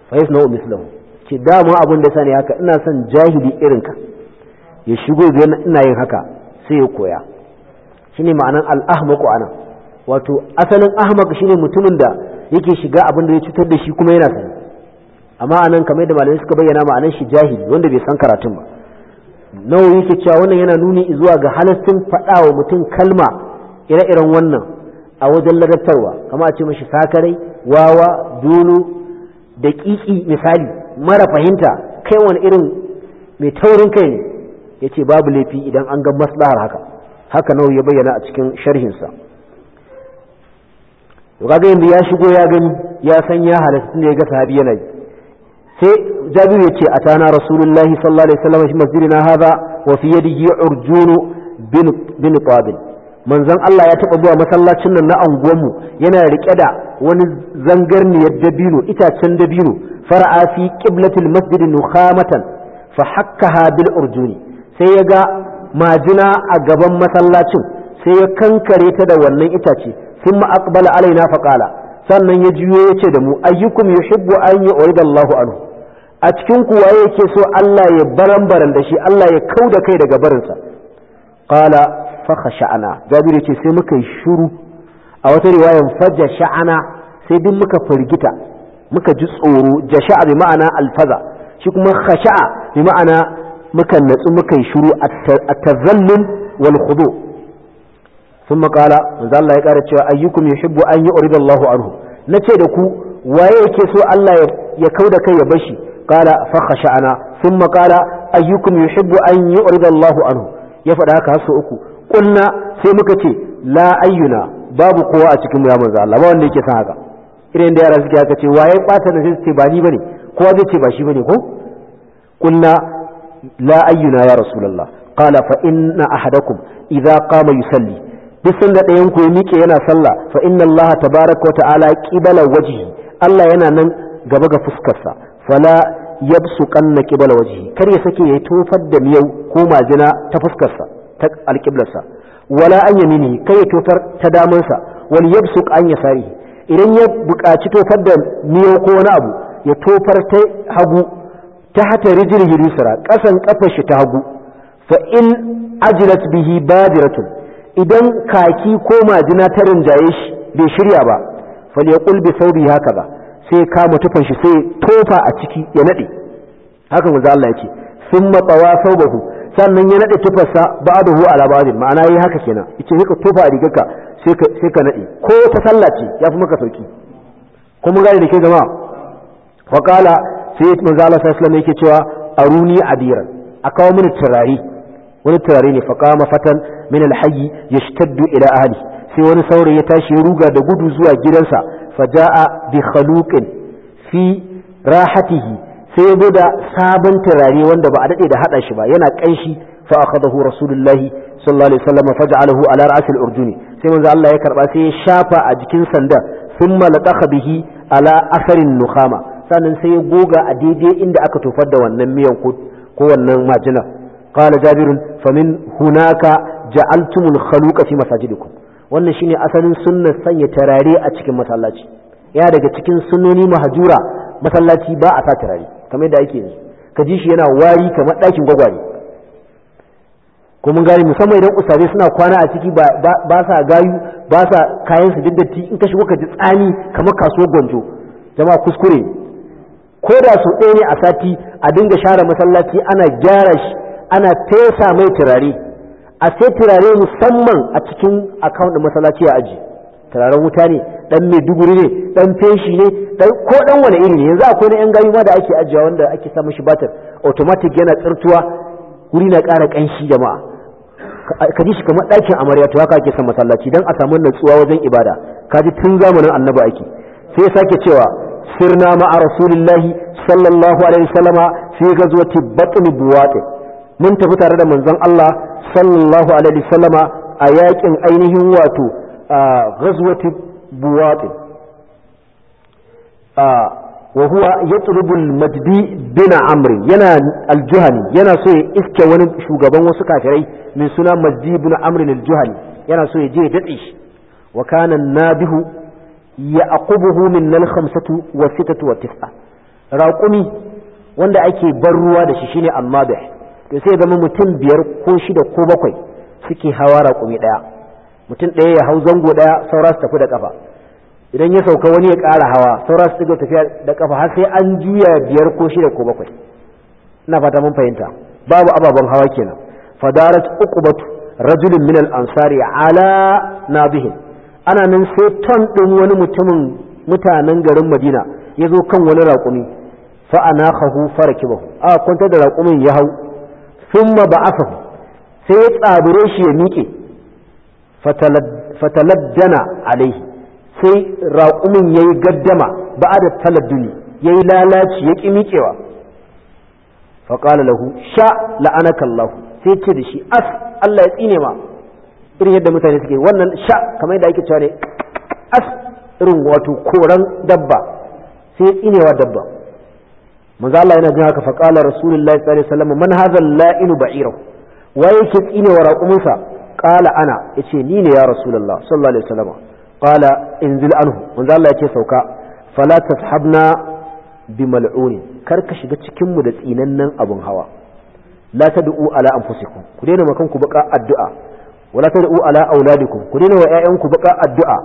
fa yasna'u mithlahu ce dama abin da sani haka ina son jahili irinka ya shigo ga ina yin haka sai ya koya shine ma'anan al-ahmaqu anan wato asalin shi shine mutumin da yake shiga abin da ya cutar da shi kuma yana sani amma anan kamar da malamai suka bayyana ma'anan shi jahili wanda bai san karatun ba nawa yake cewa wannan yana nuni zuwa ga halarcin faɗa wa mutum kalma ire-iren wannan a wajen ladattarwa kama a ce mashi sakarai wawa dolo da kiki misali mara fahimta kai wani irin mai taurin kai ne yace babu laifi idan an ga maslahar haka haka nawa ya bayyana a cikin sharhinsa to kaga ya shigo ya gani ya san ya halatta ne ya ga sahabi yana yi sai jabiru ya ce rasulullahi sallallahu alaihi wasallam shi masjidina haza wa fi yadihi urjunu bin bin qabil manzon Allah ya taba zuwa masallacin nan na anguwanmu yana rike da wani zangarniyar dabino itacen dabino fara'a fi qiblatil masjid nukhamatan fa hakkaha bil urjuni sai ya ga majina a gaban masallacin sai ya kankare ta da wannan itace sun alai na faƙala sannan ya juyo ya ce da mu ayyukum yuhibbu an yu'rida Allahu anhu a cikin kuwa yake so Allah ya baran-baran da shi Allah ya kau da kai daga barinsa qala fa khasha'ana jabir ce sai muka yi shiru a wata riwayan fajja sha'ana sai duk muka firgita muka ji tsoro jasha'a bi ma'ana alfaza shi kuma khasha'a bi ma'ana muka natsu muka yi shuru a tazallul wal khudu sun makala manzo Allah ya kara cewa ayyukum yuhibbu an yu'rida Allahu anhu nace da ku waye yake so Allah ya da kai ya bashi qala fa khasha'ana thumma qala ayyukum yuhibbu an yu'rida Allahu anhu ya faɗa haka har uku kunna sai muka ce la ayyuna babu kowa a cikin ya manzo Allah ba wanda yake san haka irin da yara suke haka ce waye bata na sai ba ni bane kowa zai ce ba shi bane ko kunna la ayyuna ya rasulullah qala fa inna ahadakum idza qama yusalli duk sanda ɗayan ku miƙe yana sallah fa inna allaha tabaraka wa ta'ala qibala wajhi Allah yana nan gaba ga fuskarsa fala yabsu kanna qibala wajhi kar ya sake ya tofar da miyau ko majina ta fuskarsa ta alqiblarsa wala an yamini kai ya tofar ta damansa wal yabsuq an yasari idan ya buƙaci tofar da miyau ko wani abu ya tofar ta hagu ta hata rijil yusra ƙasan ƙafar shi ta hagu fa in ajrat bihi badiratun idan kaki ko majina ta rinjaye shi bai shirya ba fa liyaqul bi haka ba, sai kama tufan shi sai tofa a ciki ya nade haka manzo Allah yake thumma tawa thawbahu sannan ya nade tufarsa hu ala ba'din ma'ana yi haka kenan yace haka tofa rigarka sai ka sai ka nade ko ta sallaci ya fi maka sauki kuma ga da ke jama'a fa qala sai manzo Allah sallallahu yake cewa aruni adiran a kawo mini turare wani turare ne fa qama fatan min alhayy yashtaddu ila ahli sai wani saurayi ya tashi ya ruga da gudu zuwa gidansa faja'a bi khaluqin fi rahatihi sai ya da sabon turare wanda ba a dade da hada shi ba yana kanshi fa akhadahu rasulullahi sallallahu alaihi wasallam faj'alahu ala ra'sil urjuni sai manzo Allah ya karba sai ya shafa a jikin sanda thumma lataqa bihi ala asarin nukhama sannan sai ya goga a daidai inda aka tofar da wannan miyan ko wannan majina qala jabirun famin hunaka ja'altumul khaluqa fi masajidikum wannan shine asalin sunnar sanya tarare a cikin masallaci ya daga cikin sunnoni mahajura masallaci ba a sa tarare kamar yadda ake yanzu ka ji shi yana wari kamar ɗakin gwagware ko mun gane musamman idan usabe suna kwana a ciki ba sa gayu ba sa kayan su diddatti in ka shigo ka ji tsani kamar kasuwar gwanjo jama'a kuskure ko da su ɗaya ne a sati a dinga share masallaci ana gyara shi ana fesa mai turare a sai turare musamman a cikin account da masallaci ya aji turaren wuta ne dan duguri ne dan feshi ne ko dan wani iri ne yanzu akwai na yan gayu ma da ake ajiya wanda ake sa mishi batar automatic yana tsirtuwa wuri na ƙara ƙanshi jama'a ka ji shi kamar ɗakin amarya to haka ake son masallaci dan a samu natsuwa wajen ibada ka ji tun zamanin annabi ake sai ya sake cewa سرنا مع رسول الله صلى الله عليه وسلم في غزوة بطن بواط من تفتر من زن الله صلى الله عليه وسلم أياك إن أينه واتو آه غزوة بواط آه وهو يطلب المجدي بن عمرو ينا الجهني ينا سو iske wani shugaban wasu kafirai mai suna majdi ibn amr al-juhani yana so ya je ya dade shi wa kana nabihu ya aqubuhu min lal khamsatu wa sitatu wa tis'a raqumi wanda ake bar ruwa da shi shine almabih to sai zama mutum biyar ko shida ko bakwai suke hawa raqumi daya mutum daya ya hau zango daya saura su tafi da kafa idan ya sauka wani ya ƙara hawa saura su tafiya da kafa har sai an juya biyar ko shida ko bakwai ina fata mun fahimta babu ababen hawa kenan fadarat uqbatu rajulin min al-ansari ala nabihin ana nan sai ton ɗin wani mutumin mutanen garin madina ya zo kan wani raƙumi fa'ana hahu fara kibahu a kwantar da raƙumin ya hau sun ma ba sai ya tsabire shi ya miƙe fataladdana alaihi sai raƙumin ya yi gaddama ba da taladduni ya yi lalaci ya ƙi miƙewa faƙala lahu sha la'anakallahu sai ce da shi as Allah ya tsine ma irin yadda mutane suke wannan sha kamar yadda ake cewa ne as irin wato koran dabba sai ya tsinewa dabba manzo Allah yana jin haka faqala rasulullahi sallallahu alaihi wasallam man hadha la'inu ba'irahu wa yake tsinewa raqumunsa qala ana yace ni ne ya rasulullah sallallahu alaihi wasallam qala inzil anhu manzo Allah yace sauka fala tashabna bi kar ka shiga cikin mu da tsinannen abun hawa la tad'u ala anfusikum ku daina makan ku baka addu'a wala tad'u ala auladikum ku daina wa ƴaƴanku baka addu'a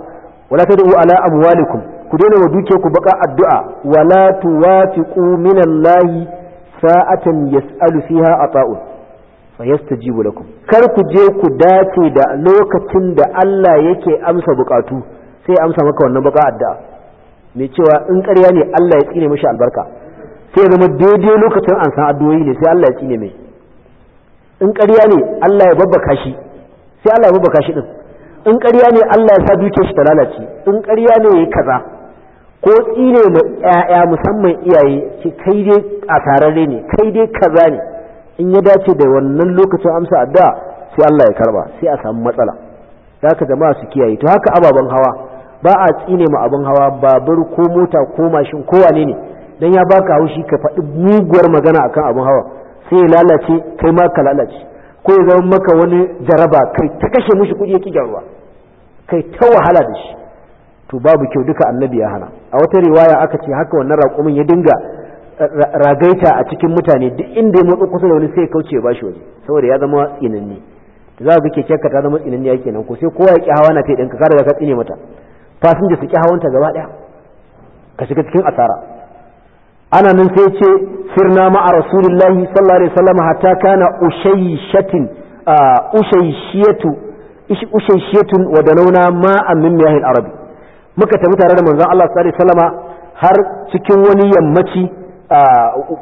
wala tad'u ala amwalikum ku daina wa dukiyarku baka addu'a wala tuwafiqu min Allah sa'atan yas'alu fiha ata'un fayastajibu lakum kar ku je ku dace da lokacin da Allah yake amsa bukatu sai amsa maka wannan baka addu'a mai cewa in ƙarya ne Allah ya tsine mishi albarka sai ya zama daidai lokacin an san addu'o'i ne sai Allah ya tsine mai in ƙarya ne Allah ya babbaka shi sai Allah ya babbaka shi din in ƙarya ne Allah ya sa dukiyar shi ta lalace in ƙarya ne yayi kaza ko tsine ma ƴaƴa musamman iyaye ce kai dai tarare ne kai dai kaza ne in ya dace da wannan lokacin amsa addu'a sai Allah ya karba sai a samu matsala da haka jama'a su kiyaye to haka ababen hawa ba a tsine ma abin hawa babur ko mota ko mashin ko wane ne dan ya baka haushi ka faɗi muguwar magana akan abin hawa sai ya lalace kai ma ka lalace ko ya zama maka wani jaraba kai ta kashe mushi kuɗi ya ƙi kai ta wahala da shi to babu kyau duka annabi ya hana a wata riwaya aka ce haka wannan raƙumin ya dinga ragaita a cikin mutane duk inda ya motsa kusa da wani sai ya kauce ya bashi waje saboda ya zama tsinanni za ka ga kekenka ta zama tsinanni yake nan ko sai kowa ya ki hawa na ta ɗinka ka riga ka tsine mata fasinja su ki hawanta gaba ɗaya ka shiga cikin asara ana nan sai ce sirna ma'a rasulillahi sallallahu alaihi wasallam hatta kana ushayishatin ushayishiyatu ushayishiyatun wa dalauna ma'an min miyahil arabi muka tafi tare da manzon Allah sallallahu alaihi wasallama har cikin wani yammaci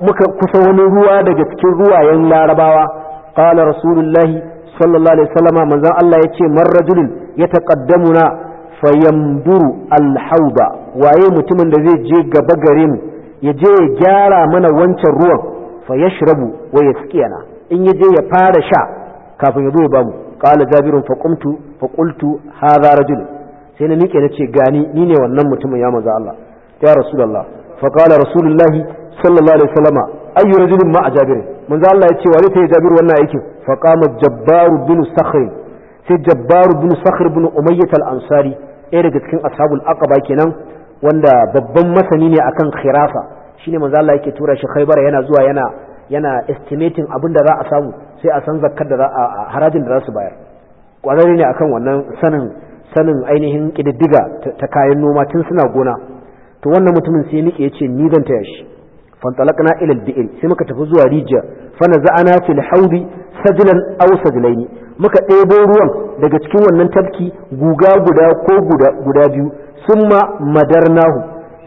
muka kusa wani ruwa daga cikin ruwayen larabawa qala rasulullahi sallallahu alaihi wasallama manzon Allah yace man rajulin yataqaddamuna fayamduru alhauda waye mutumin da zai je gaba gare mu ya je ya gyara mana wancan ruwan fa yashrabu wa yasqiyana in ya je ya fara sha kafin ya zo ya bamu qala jabirun fa qumtu fa qultu hadha rajul sai na nike nace gani ni ne wannan mutumin ya manzo Allah ya rasulullah fa qala rasulullahi sallallahu alaihi wasallama ayyu rajulin ma ajabir manzo Allah ya ce wa ta jabir wannan aikin fa qama jabbar bin sakhr sai jabbar bin sakhr bin umayyah al-ansari ɗaya daga cikin ashabul aqaba kenan wanda babban masani ne akan khirafa shine manzo Allah yake tura shi Khaibar yana zuwa yana yana estimating abin da za a samu sai a san zakkar da za a harajin da za su bayar kwararre ne akan wannan sanin sanin ainihin kididdiga ta kayan noma tun suna gona to wannan mutumin sai nike yace ni zan taya shi fantalaqna ila al-bi'l sai muka tafi zuwa rijiya fa naza'ana fil hawdi sajlan aw sajlaini muka ɗebo ruwan daga cikin wannan tabki guga guda ko guda biyu summa madarnahu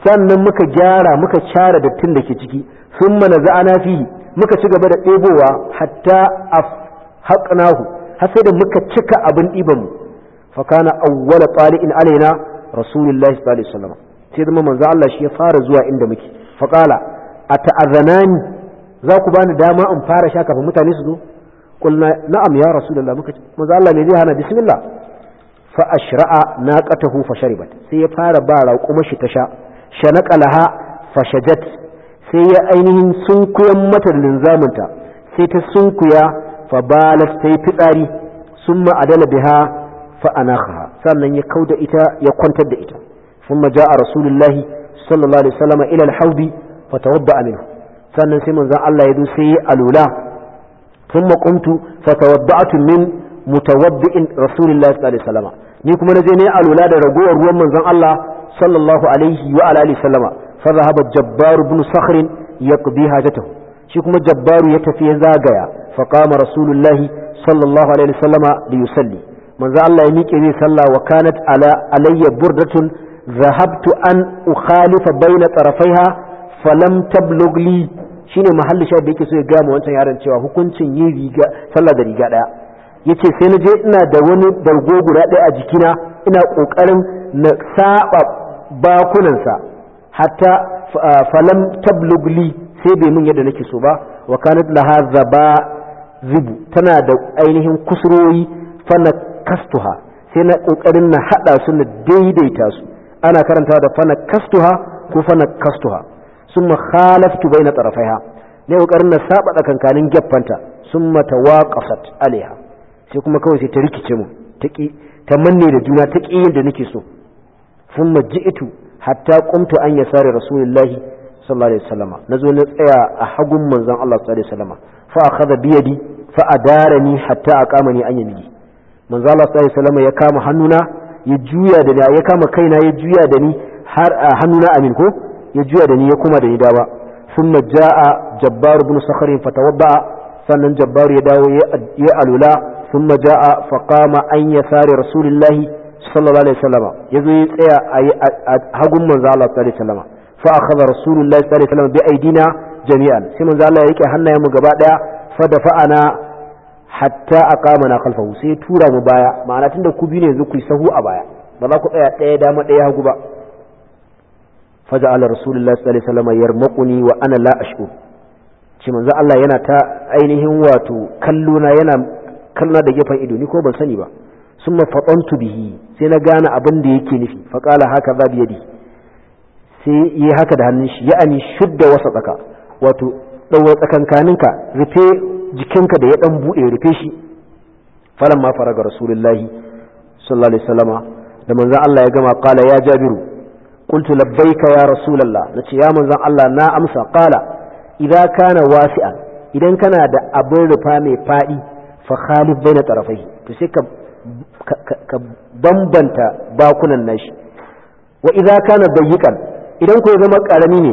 sannan muka gyara muka cara dattin da ke ciki summa na naza'ana fihi muka ci gaba da ɗebowa hatta afhaqnahu har sai da muka cika abin ɗiban mu fa kana awwala tali'in alaina rasulullahi sallallahu alaihi wasallam sai zama manzo Allah shi ya fara zuwa inda muke fa qala ata'azanani za ku bani dama in fara sha kafin mutane su zo qulna na'am ya rasulullah muka manzo Allah ne zai hana bismillah fa ashra'a naqatahu fa sharibat sai ya fara ba raƙuma shi ta sha shanaqa laha fa shajat sai ya ainihin sunkuyan mata linzaminta sai ta sunkuya fa balat sai fitsari summa adala biha fa anakha sannan ya kauda ita ya kwantar da ita thumma jaa rasulullahi sallallahu alaihi wasallam ila al-hawdi fa tawadda minhu sannan sai manzon Allah ya zo sai alula thumma qumtu fa tawadda'tu min mutawabbi'in rasulillahi sallallahu alaihi wasallam ni kuma na je ne alula da ragowar ruwan manzon Allah sallallahu alaihi wa alihi sallama fa zahaba jabbar ibn sakhrin yaqbi hajatahu shi kuma jabbaru ya tafi ya zagaya fa qama rasulullahi sallallahu alaihi wasallama li yusalli manzo Allah ya miƙe zai salla wa kanat ala alayya burdatun zahabtu an ukhalifa baina tarafaiha falam tablugh li shine mahalli shahid da yake so ya ga mu wancan yaron cewa hukuncin yi riga sallah da riga daya yace sai na je ina da wani dargo guda ɗaya a jikina ina ƙoƙarin na saba bakunansa hatta falam tablugli sai bai min yadda nake so ba wa kanat laha zaba zibu tana da ainihin kusuroyi fana kastuha sai na ƙoƙarin na haɗa su na daidaita su ana karanta da fana kastuha ko fana kastuha sun khalaftu bai na tsarafaiha ne ƙoƙarin na saba tsakankanin gyaffanta sun mata waƙasat alaiha sai kuma kawai sai ta rikice mu ta manne da juna ta ƙi yadda nake so sun maji'itu hatta kumtu an ya sare rasulullahi sallallahu alaihi wasallama na zo na tsaya a hagun manzon Allah sallallahu alaihi wasallama fa akhadha bi yadi fa adarani hatta aqamani an yamini manzon Allah sallallahu alaihi wasallama ya kama hannuna ya juya da ni. ya kama kaina ya juya da ni har a hannuna amin ko ya juya da ni ya kuma da ni dawa thumma jaa jabbar ibn sakhr fatawadda sannan jabbar ya dawo ya alula ثم جاء فقام عن يسار رسول الله صلى الله عليه وسلم يزوي تسيا هغم من الله صلى الله عليه وسلم فأخذ رسول الله صلى الله عليه وسلم بأيدينا جميعا سي من الله يكي حنا يمو غبا ديا فدفعنا حتى أقامنا خلفه سي تورا مبايا معنى تند كوبي ne yanzu ku sahu a baya ba za ku tsaya ɗaya dama ɗaya hagu ba faja'ala rasulullahi sallallahu alaihi wasallam yarmaquni wa ana la ashur ci manzo Allah yana ta ainihin wato kalluna yana kallon da gefen ido ni ko ban sani ba sun mafaɗantu bihi sai na gane abin da yake nufi faƙala haka za sai yi haka da hannun shi ya'ani shudda wasa tsaka wato ɗaura tsakankaninka rufe jikinka da ya ɗan buɗe rufe shi falan ma fara ga rasulullahi sallallahu alaihi wasallama da manzon Allah ya gama qala ya jabiru qultu labbaika ya rasulullah nace ya manzon Allah na amsa qala idza kana wasi'a idan kana da abin rufa mai faɗi fa khalif baina tarafai to sai ka ka bambanta bakunan nashi wa idza kana dayyiqan idan ko ya zama karami ne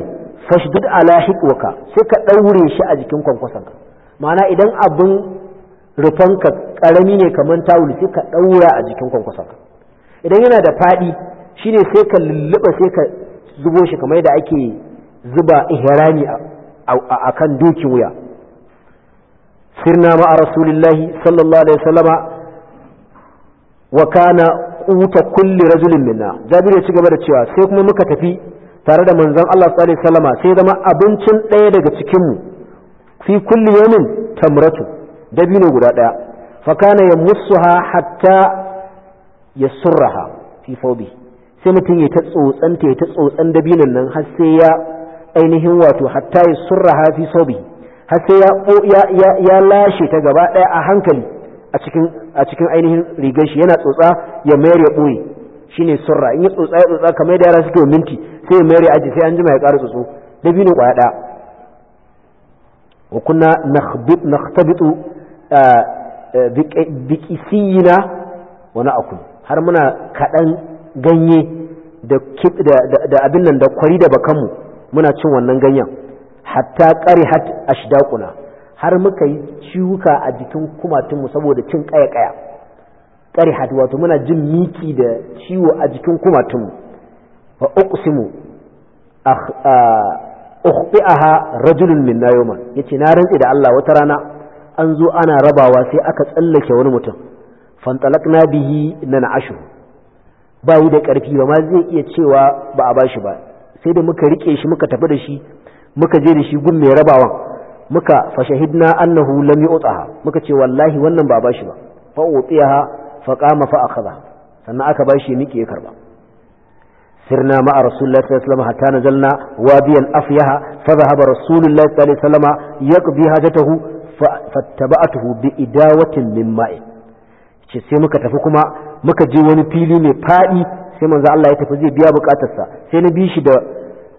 fashdid ala hiqwaka sai ka daure shi a jikin kwankwasanka ma'ana idan abin rufanka karami ne kamar tawul sai ka daura a jikin kwankwasanka idan yana da faɗi, shine sai ka lulluba sai ka zubo shi kamar yadda ake zuba ihrami a kan dokin wuya Sirina ma'ar wasullillahi sallallahu alaihi wa sallama wakan na wuta kullira zulin min na. Jamilu ya ci gaba da cewa sai kuma muka tafi. Tare da manzon Allah Sallwa alaihi wa sai zama abincin ɗaya daga cikinmu fi kulli ya yi min tamaratun. Dabi ne guda ɗaya. Fakanan ya musu ha hattan fi so Sai mutum ya yi ta tsotsan ta ya yi ta tsotsan dabina na haske ya ainihin wato hatta ya surraha fi so har sai ya lashe ta gaba ɗaya a hankali a cikin a cikin ainihin rigar shi yana tsotsa ya mayar ya ɓoye shine surra in ya tsotsa ya tsotsa kamar da yara suke minti sai ya mayar ya aji sai an jima ya ƙara tsotso dabino ƙwaya ɗaya wa kunna nakhtabitu biqisiyina wa na'kul har muna kaɗan ganye da abin nan da kwari da bakanmu muna cin wannan ganyen hatta shi ashdaquna har muka yi ciwuka a jikin kumatunmu saboda cin ƙaya-ƙaya kaya wato muna jin miki da ciwo a jikin kumatunmu fa uqsimu ah, ah, ha rajulun minna ya yace na rantsi da Allah wata rana an zo ana rabawa sai aka tsallake wani mutum na bihi nan'ashu ba yi da ƙarfi ba ma zai iya cewa ba a bashi ba sai da muka riƙe shi muka tafi da shi muka je da shi gun mai rabawan muka fashahidna annahu lam yu'taha muka ce wallahi wannan ba bashi ba fa utiyaha fa qama fa akhadha sannan aka bashi miki ya karba sirna ma'a rasulullahi sallallahu alaihi wasallam hatta nazalna wadiyan afyaha fa dhahaba rasulullahi sallallahu alaihi wasallam yaqbi hajatahu fattaba'atuhu bi idawatin min ma'in ce sai muka tafi kuma muka je wani fili mai fadi sai manzo Allah ya tafi zai biya bukatarsa sai na bi shi da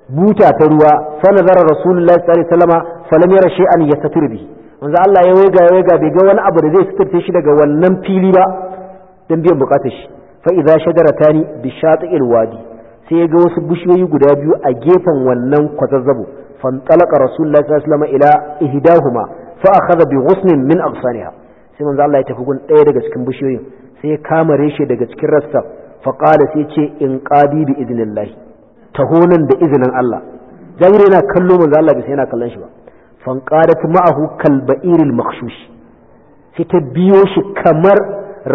buta ta ruwa fa nazara rasulullahi sallallahu alaihi wasallam falam yara shay'an yastatir bi manzo Allah ya wega ya wega bai ga wani abu da zai suturce shi daga wannan fili ba dan biyan bukatar shi fa idza shajaratani bi shati'il wadi sai ga wasu bishiyoyi guda biyu a gefen wannan kwazazzabo fantalaka rasulullahi sallallahu alaihi wasallam ila ihdahuma fa akhadha bi ghusnin min absariha sai manzo Allah ya tafi gun ɗaya daga cikin bishiyoyin sai ya kama reshe daga cikin rassa fa qala sai ce in qadi bi idnillahi nan da izinin Allah jabir yana kallo manzo Allah bisa yana kallon shi ba qadat ma'ahu kalba'iril makhshush sai ta biyo shi kamar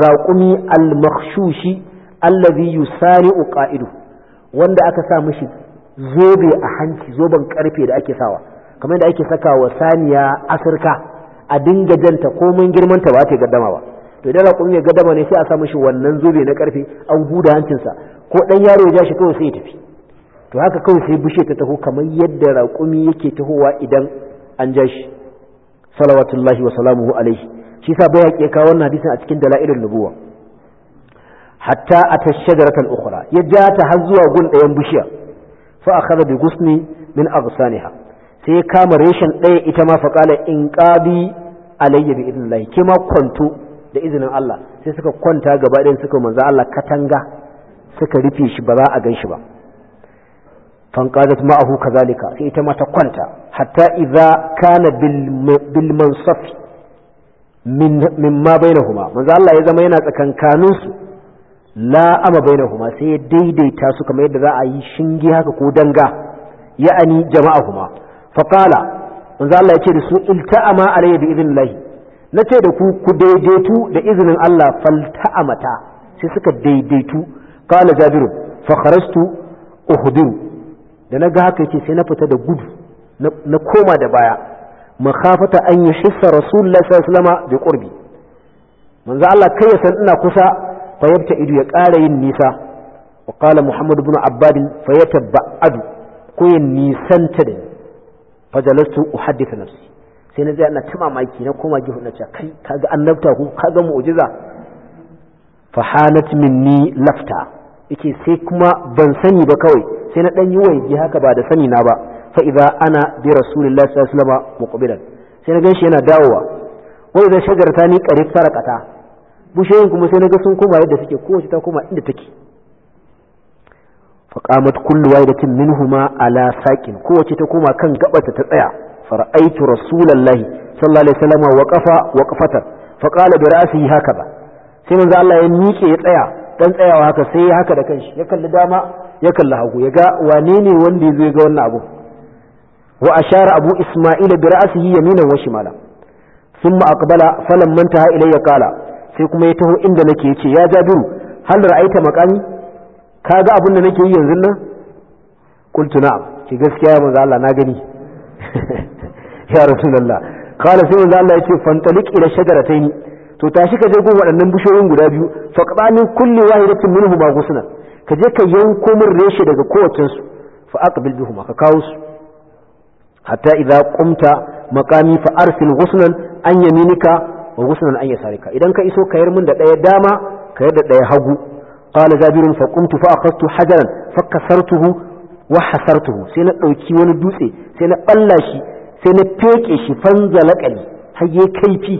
raqumi al makhshushi allazi yusari'u qa'idu wanda aka sa mishi zobe a hanci zoben karfe da ake sawa kamar da ake saka wa saniya asirka a dinga janta girman girmanta ba ta gaddama ba to idan raƙon ya gaddama ne sai a sa mishi wannan zobe na karfe an buɗe hancinsa ko ɗan yaro ya ja shi kawai sai ya tafi to haka kawai sai bushe ta taho kamar yadda raƙumi yake tahowa idan an ja shi salawatullahi wa salamuhu alaihi shi sa baya ke kawo wannan hadisin a cikin dalailin nubuwa hatta ata shajaratan ukhra ya ja ta har zuwa gun ɗayan bishiya fa akhadha bi gusni min aghsaniha sai ya kama reshen ɗaya ita ma faƙala in ƙabi alayya bi idnillahi ke ma kwanto da izinin Allah sai suka kwanta gaba ɗayan suka manzo Allah katanga suka rufe shi ba za a gan shi ba fanqadat ma'ahu kazalika sai ita mata kwanta hatta idza kana bil mansaf min mimma bainahuma manzo Allah ya zama yana tsakankanin su la ama bainahuma sai ya daidaita suka kamar da za a yi shinge haka ko danga ya'ani jama'a faqala manzo Allah ya ce da su ilta'ama alayya bi idnillahi nace da ku ku daidaitu da izinin Allah falta'amata sai suka daidaitu qala jabiru fa kharajtu uhdiru da na ga haka yake sai na fita da gudu na koma da baya makhafata an yuhissa rasulullahi sallallahu alaihi wasallam bi qurbi manzo Allah kai ya san ina kusa fa yabta idu ya ƙara yin nisa wa qala muhammad ibn abbad fa adu ko yin nisan ta da fa jalastu uhaddith nafsi sai na ji ana ta mamaki na koma gihu na ce kai kaga annabta ko kaga mu'jiza fa hanat minni lafta yake sai kuma ban sani ba kawai sai na ɗan yi waje haka ba da sani na ba fa idza ana bi rasulillahi sallallahu alaihi wasallam muqbilan sai na ganshi yana dawowa wai da shagarta ni qarib sarqata bushayin kuma sai na ga sun koma yadda suke kowace ta koma inda take fa qamat kullu waidatin minhuma ala saqin kowace ta koma kan gabata ta tsaya fara'aitu rasulallahi sallallahu alaihi wasallam waqafa waqfatan fa qala bi ra'sihi hakaba sai manzo Allah ya miƙe ya tsaya dan tsayawa haka sai ya haka da kanshi ya kalli dama ya kalli hagu ya ga wane ne wanda ya zo ya ga wannan abu wa ashara abu isma'ila bi ra'sihi yaminan wa shimala thumma aqbala falam mantaha ilayya qala sai kuma ya taho inda nake yace ya jabiru hal ra'aita maqami kaga abin da nake yi yanzu nan qultu na'am ki gaskiya manzo Allah na gani ya rasulullah qala sai manzo Allah yace fantalik ila shajarataini to tashi ka je gun waɗannan bishiyoyin guda biyu faqdanin kulli wahidatin minhu ma husna ka je ka yanko min reshe daga kowace su fa aqbil bihuma ka kawo su hatta idza qumta maqami fa arsil husnan an yaminika wa husnan an yasarika idan ka iso kayar min da ɗaya dama kayar da ɗaya hagu qala jabirun fa qumtu fa akhadtu hajaran fa kasartuhu wa hasartuhu sai na ɗauki wani dutse sai na balla shi sai na feke shi fanzalakali har yayi kaifi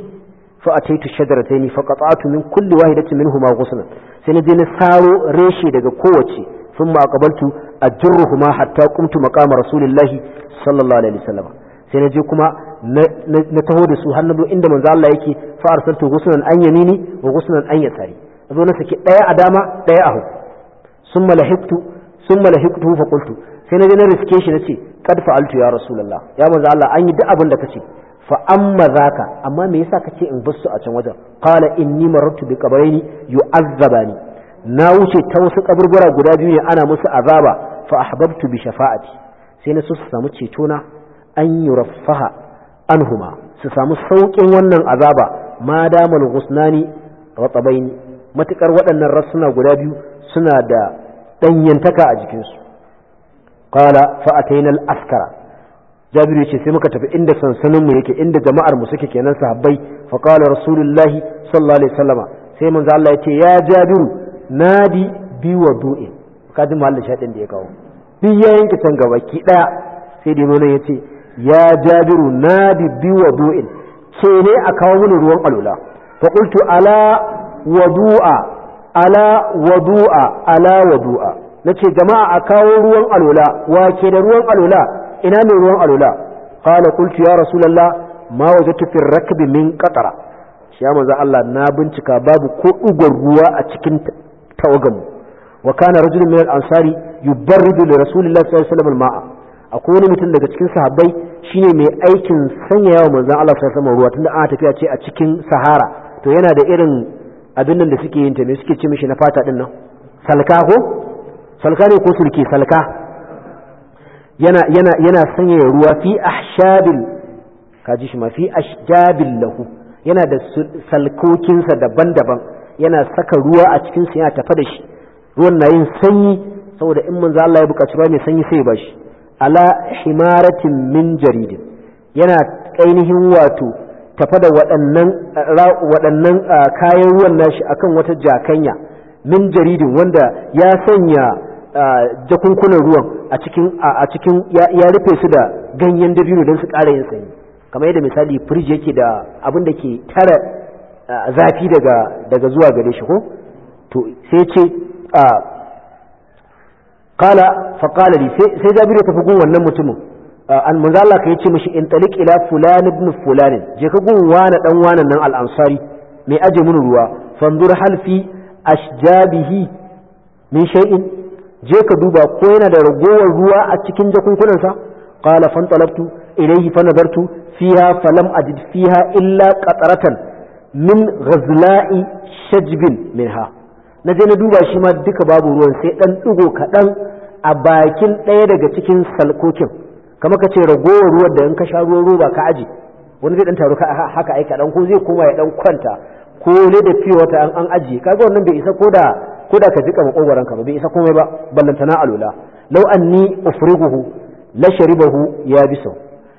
fa ataitu shajaratayn fa qata'tu min kulli wahidatin minhuma ghuslan sai na je na saro reshe daga kowace thumma aqbaltu ajruhuma hatta qumtu maqama rasulillahi sallallahu alaihi wasallam sai na je kuma na taho da su hannu na zo inda manzo Allah yake fa arsaltu ghuslan an yamini wa ghuslan an yasari zo na saki daya a dama daya a hu summa lahiqtu summa lahiqtu fa qultu sai na je na riske shi nace qad fa'altu ya rasulullah ya manzo Allah an yi duk abin da kace fa amma zaka amma me yasa kace in bar su a can wajen qala inni marattu bi qabrayni yu'azzabani na wuce ta wasu kaburbura guda biyu ne ana musu azaba fa ahbabtu bi shafa'ati sai na so su samu ceto na an yuraffaha anhuma su samu saukin wannan azaba ma husnani ghusnani ratabaini matukar waɗannan rasuna guda biyu suna da danyantaka a jikinsu qala fa askara jabir yace sai muka tafi inda sansanin mu yake inda jama'ar mu ke kenan sahabbai fa qala rasulullahi sallallahu alaihi wasallama sai manzo Allah yace ya jabiru nadi bi wadu'in kadin mahallin shadin da ya kawo duk ya yanke can gaba ki daya sai dai nan yace ya jabiru nadi bi wadu'in ce ne a kawo mini ruwan alula fa qultu ala wadu'a ala wadu'a ala wadu'a nace jama'a a kawo ruwan alula wa ke da ruwan alula ina mai ruwan alula kala kultu ya rasulullah ma waje tufin rakabimin min qatara shi ya Allah na bincika babu ko ugon ruwa a cikin tawagamu wa kana rajulun min al-ansari yubarridu li rasulillahi sallallahu alaihi wasallam al-ma'a akwai wani mutum daga cikin sahabbai shine mai aikin sanya yawa manzon Allah sallallahu alaihi wasallam ruwa tunda ana tafiya ce a cikin sahara to yana da irin abin nan da suke yin ta ne suke ce mishi na fata din nan salka ko salka ne ko sulke salka yana sanya sanyaya ruwa fi ahshabil kaji shi ma fi ashjabil lahu yana da salkokinsa daban-daban yana saka ruwa a cikin yana tafa da shi ruwan na yin sanyi saboda in manzo Allah ya bukaci ruwa mai sanyi sai ba shi ala himaratin min jaridin yana ainihin wato tafa da waɗannan waɗannan kayan ruwan nashi akan wata jakanya min jaridin wanda ya sanya jakunkunan ruwan a cikin a cikin ya rufe su da ganyen dabino don su ƙara yin sanyi kamar yadda misali firij yake da abin da ke tara zafi daga daga zuwa gare shi ko to sai ce kala fa kala li sai jabir ya tafi gun wannan mutumin an manzo kai ce mishi in taliq ila fulan ibn fulan je ka gun wani dan wani nan al ansari mai aje mun ruwa fanzur hal fi ashjabihi min shay'in je ka duba ko yana da ragowar ruwa a cikin jakunkunansa qala talabtu ilayhi fanadartu fiha falam ajid fiha illa qataratan min ghazla'i shajbin minha na je na duba shi ma duka babu ruwan sai dan digo kadan a bakin daya daga cikin salkokin kamar ka ce ragowar ruwan da in ka sha ruwan roba ka aje wani zai dan taru ka haka aika dan ko zai koma ya dan kwanta ko ne da fiye wata an ajiye kaga wannan bai isa ko da ko da ka jika makogoran ka ba bai isa komai ba ballantana alula law anni ufrihu la sharibahu ya biso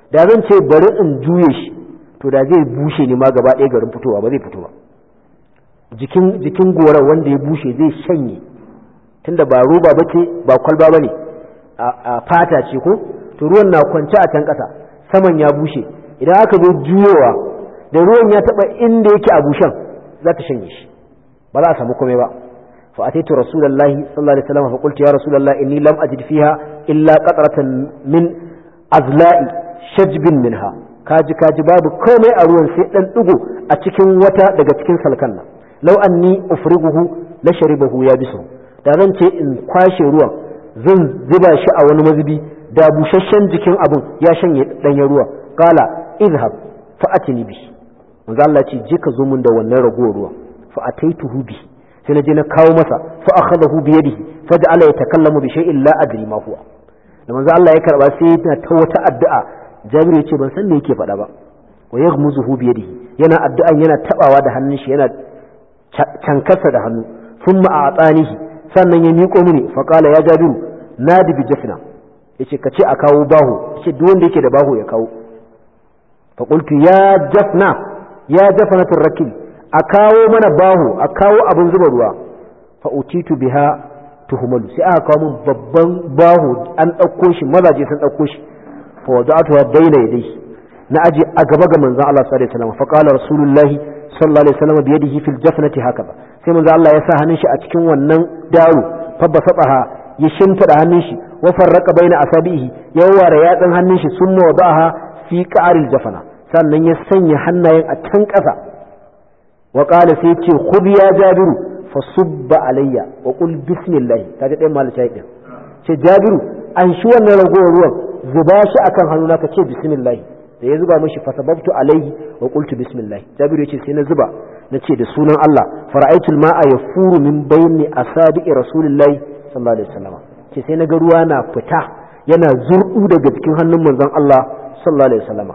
da zan ce bari in juye shi to da zai bushe ne ma gaba ɗaya garin fitowa ba zai fito ba jikin jikin goran wanda ya bushe zai shanye tunda ba roba bace ba kwalba bane a fata ce ko to ruwan na kwance a can ƙasa saman ya bushe idan aka zo juyowa da ruwan ya taba inda yake a bushen za ta shanye shi ba za a samu komai ba فأتيت رسول الله صلى الله عليه وسلم فقلت يا رسول الله إني لم أجد فيها إلا قطرة من أذلاء شجب منها كاجي كاجي باب كومي أروان سيئن أغو أتكين وتا دقا تكين سلكنا لو أني أفرغه لشربه يابسه دازن تي إن kwashe ruwan zan zuba shi a wani mazubi da busasshen jikin abun ya shanye danyen ruwa qala idhab fa atini bi manzo Allah ce je ka zo mun da wannan ragowar ruwa fa ataituhu bi sai na je na kawo masa fa akhadahu bi yadihi fa ja'ala yatakallamu bi shay'in la adri ma huwa da manzo Allah ya karba sai yana ta wata addu'a Jabiru ya ce ban san me yake faɗa ba wa yaghmuzuhu bi yadihi yana addu'an yana tabawa da hannun shi yana cankasa da hannu thumma a'tanihi sannan ya miƙo mini fa qala ya Jabiru nadi bi jafna yace ka ce a kawo baho yace duk wanda yake da baho ya kawo fa qultu ya jafna ya jafnatur rakib a kawo mana bahu, a kawo abin zuba ruwa fa utitu biha tuhumalu. sai aka kawo min babban bahu an ɗauko shi mazaje sun ɗauko shi fa daina bayna yadayhi na aje a gaba ga manzon Allah sallallahu alaihi wasallam fa qala rasulullahi sallallahu alaihi wasallam bi yadihi fil jafnati hakaza sai manzon Allah ya sa hannun shi a cikin wannan daro fa basabaha ya shimfida hannun shi wa farraqa baina asabihi ya ware yatsan hannun shi summa wada'aha fi qa'ril jafana sannan ya sanya hannayen a can ƙasa Waƙala sai ce khudh jabiru fa subba alayya wa qul bismillah kaga dai mal shayi din ce jabiru an shi wannan ragowar ruwan zuba shi akan hannuna ka ce da ya zuba mishi fasababtu alayhi wa qultu bismillah jabiru yace sai na zuba na ce da sunan Allah fara'aitul ma'a yafuru min bayni asabi'i rasulillahi sallallahu alaihi wasallam ce sai na ga ruwa na fita yana zurdu daga cikin hannun manzon Allah sallallahu alaihi wasallam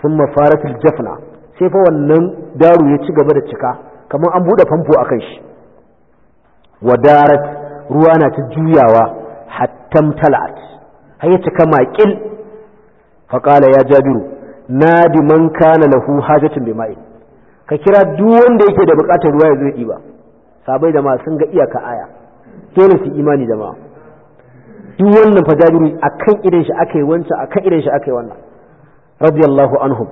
thumma faratil jafna sai fa wannan daru ya ci gaba da cika kamar an buɗe famfo a kan shi wadarat ruwa na ta juyawa hattam talat har ya cika maƙil faƙala ya jabiru nadi man kana lahu hajatun bi ma'in ka kira duk wanda yake da buƙatar ruwa ya zo ɗiba sabai da ma sun ga iyaka aya dole su imani da ma. duk wannan fa jabiru akan idan shi akai wancan akan idan shi akai wannan radiyallahu anhum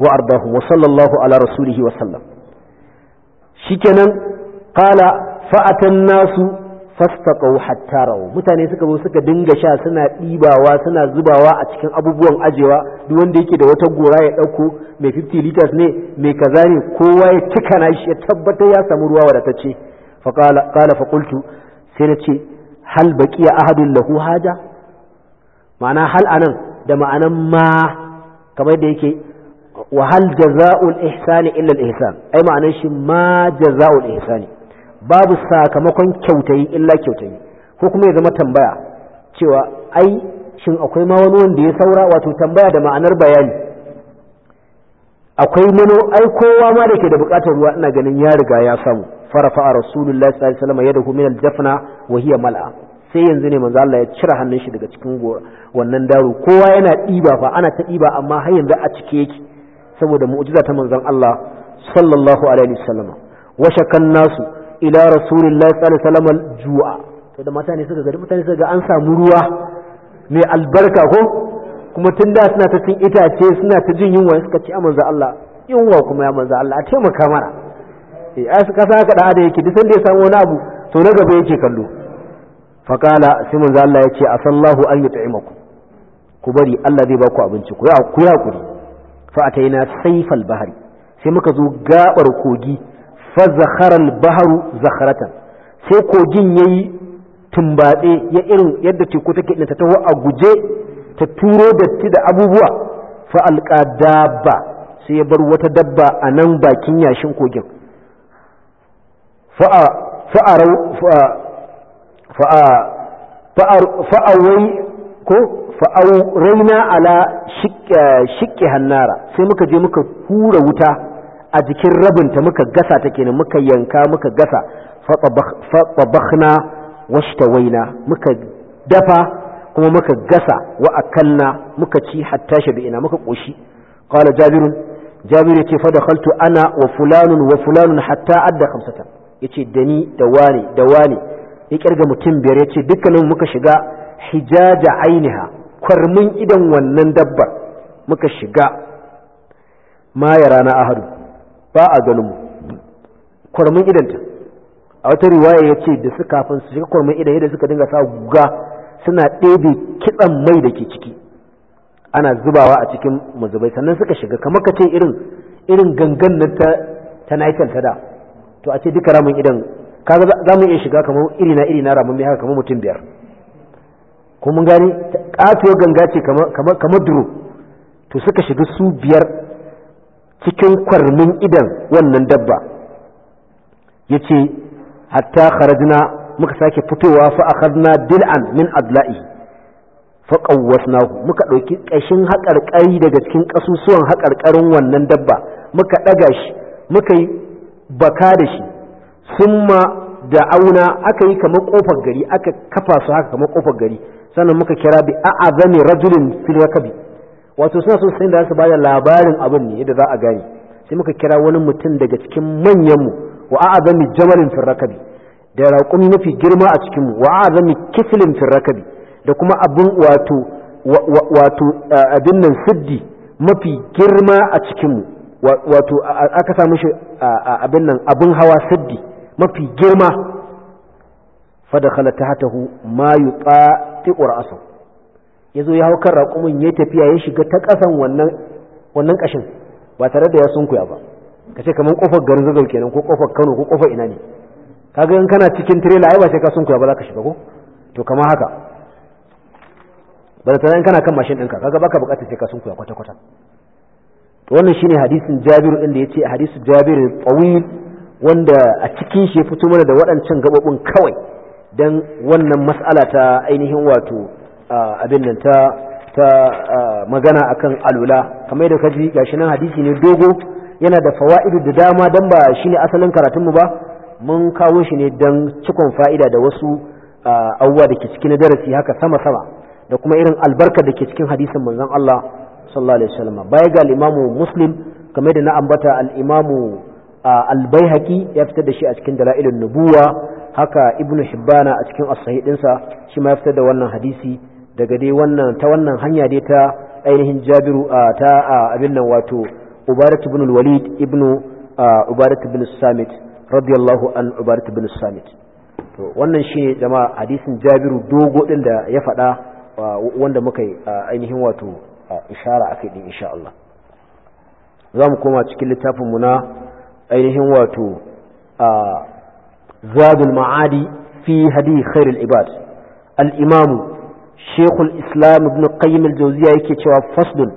wa ardahum wa sallallahu ala rasulihi wa sallam shikenan qala fa'atan nasu fastaqaw hatta mutane suka zo suka dinga sha suna ɗibawa suna zubawa a cikin abubuwan ajewa duk wanda yake da wata gora ya ɗauko mai 50 liters ne mai kaza ne kowa ya cika na shi ya tabbatar ya samu ruwa ce fa qala fa qultu sai na ce hal baqiya ahadun lahu haja ma'ana hal anan da ma'anan ma kamar da yake wa hal jaza'ul ihsani illa al ihsan ai ma'anar shi ma jaza'ul ihsani babu sakamakon kyautayi illa kyautayi ko kuma ya zama tambaya cewa ai shin akwai ma wani wanda ya saura wato tambaya da ma'anar bayani akwai mano ai kowa ma da ke da bukatar ruwa ina ganin ya riga ya samu farafa rasulullahi sallallahu alaihi wasallam yadahu min al-jafna wa hiya mal'a sai yanzu ne manzo Allah ya cire hannun shi daga cikin wannan daro kowa yana ɗiba fa ana ta ɗiba amma har yanzu a cike yake saboda mu'jiza ta manzon Allah sallallahu alaihi wasallam wa shakkan nasu ila rasulillahi sallallahu alaihi wasallam jua to da mutane suka ga mutane suka ga an samu ruwa mai albarka ko kuma tun da suna ta cin itace suna ta jin yunwa suka ce a Allah yunwa kuma ya manzon Allah a taimaka mara. eh ai suka sa ka da yake duk sanda ya samu wani abu to na gaba yake kallo faqala sai manzon Allah yace asallahu an yut'imakum ku bari Allah zai ba ku abinci ku ya ku ya ina saifal bahari sai muka zo gabar kogi fa zakharal baharu zakharatan sai kogin yayi tumbaɗe ya irin yadda teku take ta taho a guje ta turo datti da abubuwa fa alqadaba sai ya bar wata dabba a nan bakin yashin kogin fa'a fa'a ko fa'au raina ala shiƙe eh, hannara sai muka je muka hura wuta a jikin rabinta muka gasa ta kenan muka yanka muka gasa faɓaɓakna wasu tawaina muka dafa kuma muka gasa wa akalna muka ci hatta shabi'ina muka ƙoshi ƙwala jabirun jabiru ce fa kaltu ana wa fulanun wa fulanun hatta adda ya yace da ni da wani da wani ya ƙirga mutum biyar yace dukkanin muka shiga hijaja ainiha kwarmin idan wannan dabbar muka shiga ma ya rana ahadu ba a ganinmu kwarmin idanta a wata riwaya ya ce da su kafin su shiga kwarmin idan yadda suka dinga sa guga suna ɗebe kitsan mai da ke ciki ana zubawa a cikin mazubai sannan suka shiga kamar ka ce irin irin gangan nan ta ta naitan ta da to a ce duka ramin idan ka za mu iya shiga kamar iri na iri na ramin mai haka kamar mutum biyar ko mun gani katuwar ganga ce kamar duro to suka shiga su biyar cikin kwarmin idan wannan dabba ya ce hatta kharajna muka sake fitowa fa akhadna dil'an min adla'i fa qawwasnahu muka dauki kashin haƙarƙari daga cikin kasusuwan haƙarƙarin wannan dabba muka daga shi muka yi baka da shi summa da auna aka yi kamar ƙofar gari aka kafa su haka kamar ƙofar gari sannan muka kira bi azami rajulin fil rakabi wato suna son sanin da su bada labarin abin ne yadda za a gane sai muka kira wani mutum daga cikin manyan mu wa azami jamalin fil rakabi da raƙumi mafi girma a cikin mu wa azami kiflin fil rakabi da kuma abin wato wato abin nan siddi mafi girma a cikin mu wato aka samu shi abin nan abin hawa siddi mafi girma dakhala tahtahu ma yuqa yaqti'u ra'sahu yazo ya hau kan raƙumin ya tafiya ya shiga ta ƙasan wannan wannan ƙashin ba tare da ya sunkuya ba kace kaman kofar garin zazzau kenan ko kofar Kano ko kofar ina ne kaga in kana cikin trailer ai ba sai ka sunkuya ba za ka shiga ko to kamar haka ba tare in kana kan mashin ɗinka kaga baka buƙatar sai ka sunkuya kwata kwata to wannan shine hadisin Jabir din da yace hadisu Jabir tsawil wanda a cikin shi ya fito mana da waɗancan gabobin kawai don wannan mas'ala ta ainihin wato abin nan ta ta magana akan alula kamar yadda kaji gashi nan hadisi ne dogo yana da fawa'idu da dama don ba shi ne asalin karatunmu ba mun kawo shi ne don cikon fa'ida da wasu abubuwa da ke cikin darasi haka sama-sama da kuma irin albarkar da ke cikin hadisin manzon Allah sallallahu alaihi wasallam baya ga al-Imamu Muslim kamar da na ambata al-Imamu al-Baihaqi ya fitar da shi a cikin Dalailun Nubuwa haka ibnu hibbana a cikin as-sahih dinsa shi ma ya fitar da wannan hadisi daga dai wannan ta wannan hanya dai ta ainihin jabiru ta abin nan wato ubarat ibn al-walid Ibn ubarat ibn samit radiyallahu an ubarat ibn samit to wannan shine jama'a hadisin jabiru dogo din da ya faɗa wanda muka yi ainihin wato ishara akai din insha Allah za mu koma cikin littafin mu na ainihin wato zadul ma'adi fi hadi khairul ibad al-imamu shekul islam ibn qayyim al-jawziya yake cewa faslun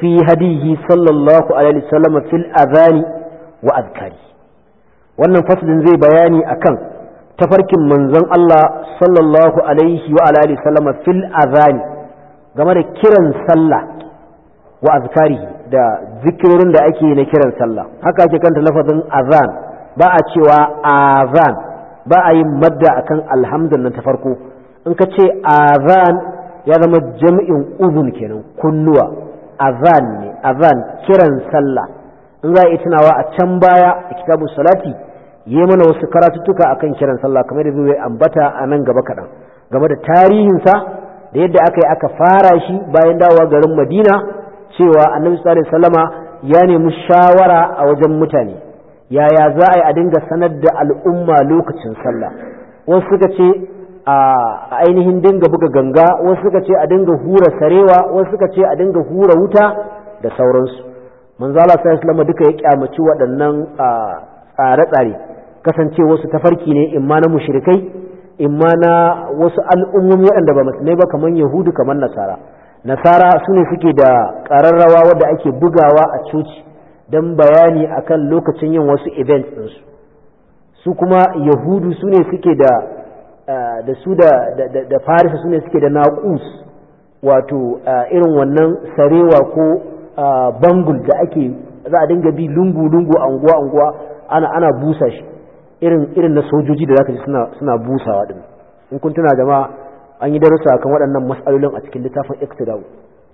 fi hadihi sallallahu alaihi wasallam fil adhani wa azkari wannan faslin zai bayani akan tafarkin manzon Allah sallallahu alaihi wa alihi fil adhani game da kiran sallah wa azkari da zikirorin da ake na kiran sallah haka ake kanta lafazin azan ba a cewa azan ba a yin madda akan alhamdan nan ta farko in ka ce azan ya zama jami'in uzun kenan kunnuwa azan ne azan kiran sallah in za a yi tunawa a can baya a kitabu salati yi mana wasu karatuttuka akan kiran sallah kamar da zai ambata a nan gaba kaɗan game da tarihinsa da yadda aka yi aka fara shi bayan dawowa garin madina cewa annabi sallallahu alaihi wasallama ya nemi shawara a wajen mutane yaya za a yi a dinga sanar da al'umma lokacin sallah wasu suka ce a ainihin dinga buga ganga wasu suka ce a dinga hura sarewa wasu suka ce a dinga hura wuta da sauransu manzo Allah sallallahu duka ya kyamaci waɗannan tsare-tsare kasance wasu tafarki ne imma na mushrikai imma na wasu al'ummomi waɗanda ba musulmai ba kaman yahudu kamar nasara nasara su ne suke da ƙararrawa wadda ake bugawa a coci don bayani akan lokacin yin wasu events ɗinsu su kuma yahudu su ne suke da da su da farisa su ne suke da naƙus wato irin wannan sarewa ko bangul da ake za a dinga bi lungu-lungu anguwa-anguwa ana ana busa shi irin irin na sojoji da zaka ji suna suna busawa din in kun tuna jama'a an yi darussa kan waɗannan mas'alolin a cikin littafin iqtidau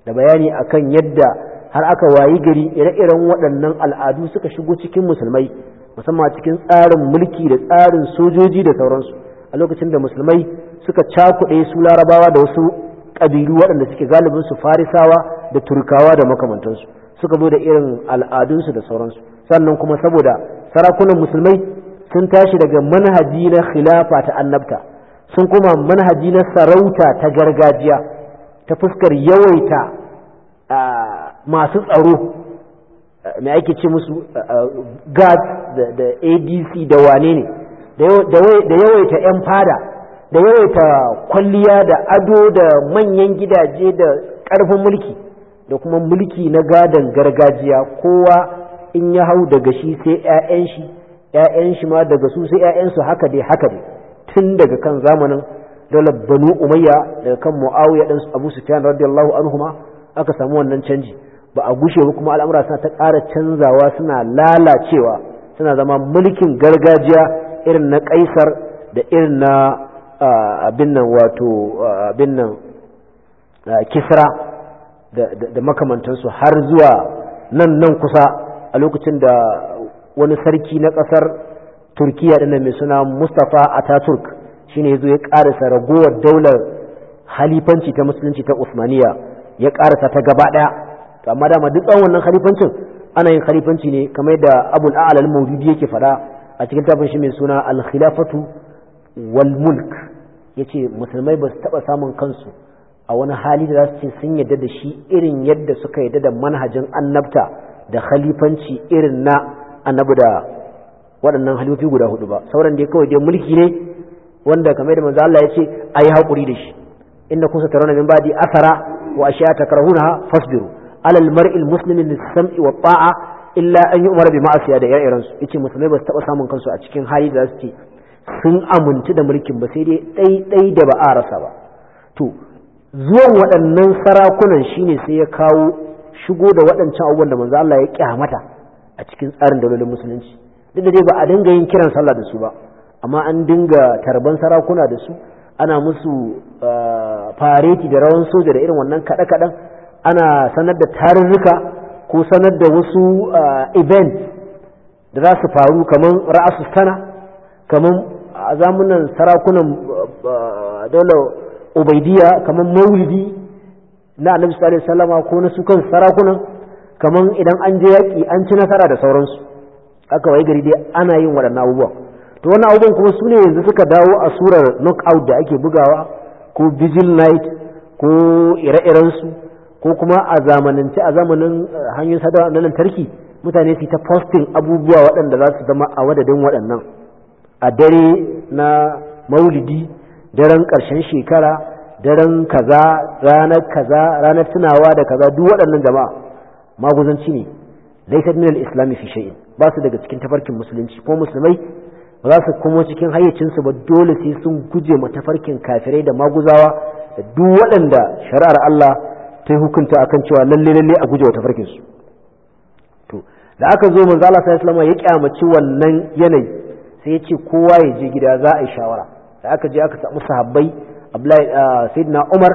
da bayani akan yadda har aka wayi gari ire-iren waɗannan al'adu suka shigo cikin musulmai musamman cikin tsarin mulki da tsarin sojoji da sauransu a lokacin da musulmai suka cakuɗe su larabawa da wasu ƙabilu waɗanda suke galibin su farisawa da turkawa da makamantansu suka zo da irin al'adunsu da sauransu sannan kuma saboda sarakunan musulmai sun tashi daga manhaji na khilafa ta annabta sun kuma manhaji na sarauta ta gargajiya ta fuskar yawaita ah, masu tsaro eh, mai ake ce musu eh, eh, guard da adc da wane ne da yawaita 'yan fada da yawaita kwalliya da ado da manyan gidaje da ƙarfin mulki da kuma mulki na gadon gargajiya kowa in ya hau daga shi sai 'ya'yan shi 'ya'yan shi ma daga su sai 'ya'yansu haka dai haka dai tun daga kan zamanin daular banu umayya daga kan mu'awiyar ɗansu abu sufyan radiyallahu anhu ma, aka samu wannan canji ba a gushe ba kuma al'amura suna ta ƙara canzawa suna lalacewa suna zama mulkin gargajiya irin na kaisar da irin na abin nan wato abin nan kisra da makamantansu har zuwa nan nan kusa a lokacin da wani sarki na ƙasar turkiya ɗin mai suna mustapha ataturk shine yazo ya ƙarasa ragowar daular halifanci ta musulunci ta usmaniya ya ƙarasa ta gaba ɗaya to amma dama duk tsawon wannan khalifancin ana yin khalifanci ne kamar da abul a'la al-mawdudi yake faɗa a cikin tafin shi mai suna al-khilafatu wal mulk yace musulmai ba su taba samun kansu a wani hali da za su ce sun yadda da shi irin yadda suka yadda da manhajin annabta da khalifanci irin na annabi da waɗannan halifofi guda hudu ba sauran dai kawai dai mulki ne wanda kamar da manzo Allah yace ayi hakuri da shi inda kusa tarawna min ba'di asara, wa ashiya takrahuna fasbiru alal mar'il muslimin lis-sam'i wa illa an yu'mar bi ma'asiya da ire-iren su yace musulmai ba su taba samun kansu a cikin hali da su ce sun amince da mulkin ba sai dai ɗaiɗai da ba a rasa ba to zuwan waɗannan sarakunan shine sai ya kawo shigo da waɗancan abubuwan da manzo Allah ya kyamata a cikin tsarin dalolin musulunci duk da dai ba a dinga yin kiran sallah da su ba amma an dinga tarban sarakuna da su ana musu fareti da rawan soja da irin wannan kaɗe kaɗan ana sanar da tarurruka ko sanar da wasu ah, event da za su faru kamar ra'asu sana kamar a ah, zamunan sarakunan ah, daular obaidiya kamar maulidi na annabi sallallahu alaihi ko na su kan sarakunan kamar idan an je yaƙi an ci nasara da sauransu aka waye gari dai ana yin waɗannan abubuwan to wannan abubuwan kuma su ne yanzu suka dawo a surar knockout da ake bugawa ko vigil night ko ire-irensu ko kuma a zamanance a zamanin eh, hanyar sadarwa na lantarki mutane su ta posting abubuwa waɗanda za su zama a wadadin waɗannan a dare na maulidi daren ƙarshen shekara daren kaza ranar kaza ranar tunawa da kaza duk waɗannan jama'a maguzanci ne laysat min islami fi shay'in ba su daga cikin tafarkin musulunci ko musulmai ba za su kuma cikin hayyacinsu ba dole sai sun guje ma tafarkin kafirai da maguzawa da duk waɗanda shari'ar Allah sai hukunta kan cewa lalle lalle a guje wa to da aka zo manzo Allah sai sallama ya kyamaci wannan yanayi sai ya ce kowa ya je gida za a yi shawara da aka je aka samu sahabbai Abdullahi ah, Sayyidina Umar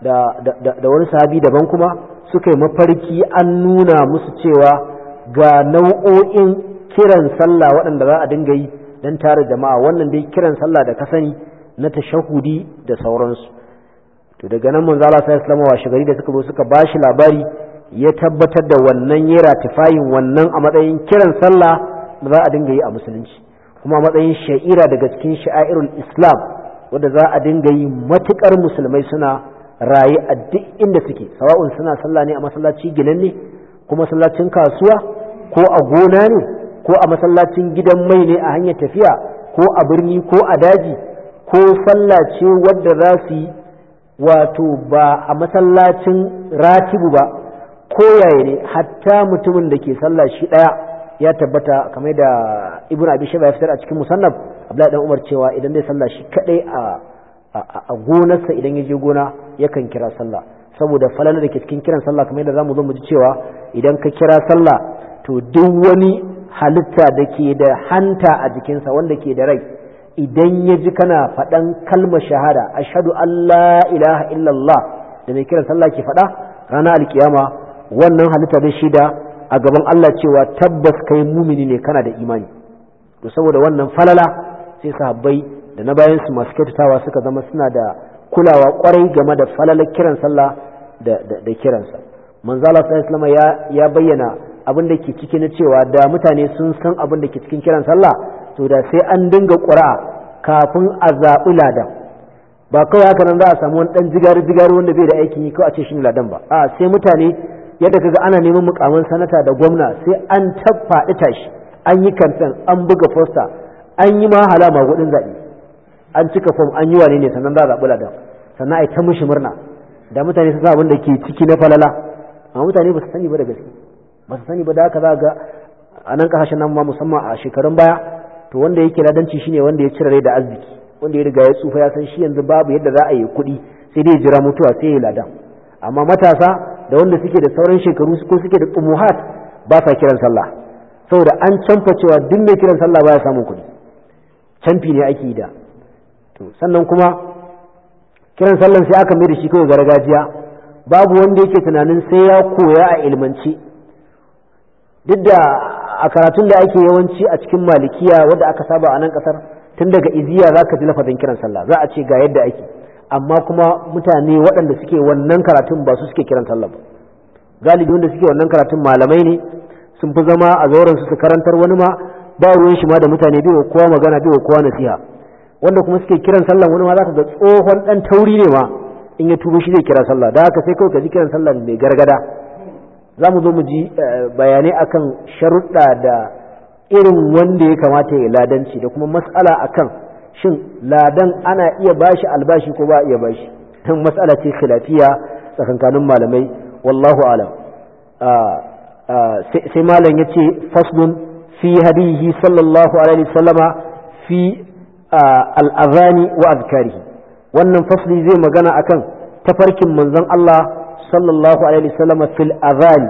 da da da wani sahabi daban kuma suka yi mafarki an nuna musu cewa ga nau'o'in kiran sallah waɗanda za a dinga yi don tare jama'a wannan dai kiran sallah da ka sani na tashahudi da sauransu to daga nan manzo Allah sai alaihi shigari da suka zo suka bashi labari ya tabbatar da wannan ya ratifayin wannan a matsayin kiran sallah da za a dinga yi a musulunci kuma a matsayin sha'ira daga cikin sha'airul islam wanda za a dinga yi matukar musulmai suna raye a duk inda suke sawa'un suna sallah ne a masallaci ginan ne ko masallacin kasuwa ko a gona ne ko a masallacin gidan mai ne a hanyar tafiya ko a birni ko a daji ko sallah ce wadda za su yi wato ba a masallacin ratibu ba ko yaya ne hatta mutumin da ke sallah shi daya ya tabbata kamar da ibn abi shaba ya fitar a cikin musannaf abdullahi dan umar cewa idan dai sallah shi kadai a a gonarsa idan ya je gona yakan kira sallah saboda falalar da ke cikin kiran sallah kamar da zamu zo mu ji cewa idan ka kira sallah to duk wani halitta da ke da hanta a jikinsa wanda ke da rai idan ya ji kana faɗan kalma shahada ashadu Allah ilaha illallah da mai kiran sallah ke faɗa ranar alkiyama wannan halitta da shida a gaban Allah cewa tabbas kai mumini ne kana da imani to saboda wannan falala sai sahabbai da na bayan su masu kyautatawa suka zama suna da kulawa kwarai game da falalar kiran sallah da kiransa manzala sallallahu ya bayyana abin da ke ciki na cewa da mutane sun san abin da ke cikin kiran sallah to da sai an dinga ƙura kafin a zaɓi ladan ba kawai haka nan za a samu wani ɗan jigari-jigari wanda bai da aikin yi kawai a ce shi ladan ba a sai mutane yadda kaga ana neman mukamin sanata da gwamna sai an tafaɗi tashi an yi kamfen an buga fosta an yi ma halama zaɓe an cika fom an yi wane ne sannan za a zaɓi ladan sannan a yi ta mishi murna da mutane su sa abin da ke ciki na falala amma mutane ba su sani ba da gaske ba su sani ba da haka za ga a nan kasashen nan ma musamman a shekarun baya to wanda yake ladanci shine wanda ya cire rai da arziki wanda ya riga ya tsufa ya san shi yanzu babu yadda za a yi kuɗi sai dai jira mutuwa sai ya ladan amma matasa da wanda suke da sauran shekaru ko suke da tsumuhat ba sa kiran sallah saboda an canfa cewa duk mai kiran sallah baya samun kuɗi canfi ne ake yi da to sannan kuma kiran sallan sai aka mai da shi kawai gargajiya babu wanda yake tunanin sai ya koya a ilmance duk da a karatun da ake yawanci a cikin malikiya wadda aka saba a nan kasar tun daga iziya za ka ji lafazin kiran sallah za a ce ga yadda ake amma kuma mutane waɗanda suke wannan karatun ba su suke kiran sallah ba galibi wanda suke wannan karatun malamai ne sun fi zama a zauren su su karantar wani ma ba ruwan shi ma da mutane bai wa kowa magana bai wa kowa nasiha wanda kuma suke kiran sallah wani ma za ka ga tsohon ɗan tauri ne ma in ya tubo shi zai kira sallah da haka sai kawai ka ji kiran sallah mai gargada za mu zo mu ji eh, bayanai akan sharuɗa da irin wanda ya kamata ya ladanci da kuma matsala akan shin ladan ana iya bashi albashi ko ba iya bashi don matsala ce khilafiya tsakankanin malamai wallahu alam ah, ah, sai malam ya ce faslun fi hadihi sallallahu alaihi sallama fi ah, al'azani wa azkari wannan fasli zai magana akan tafarkin manzon Allah sallallahu alaihi wasallam fil azan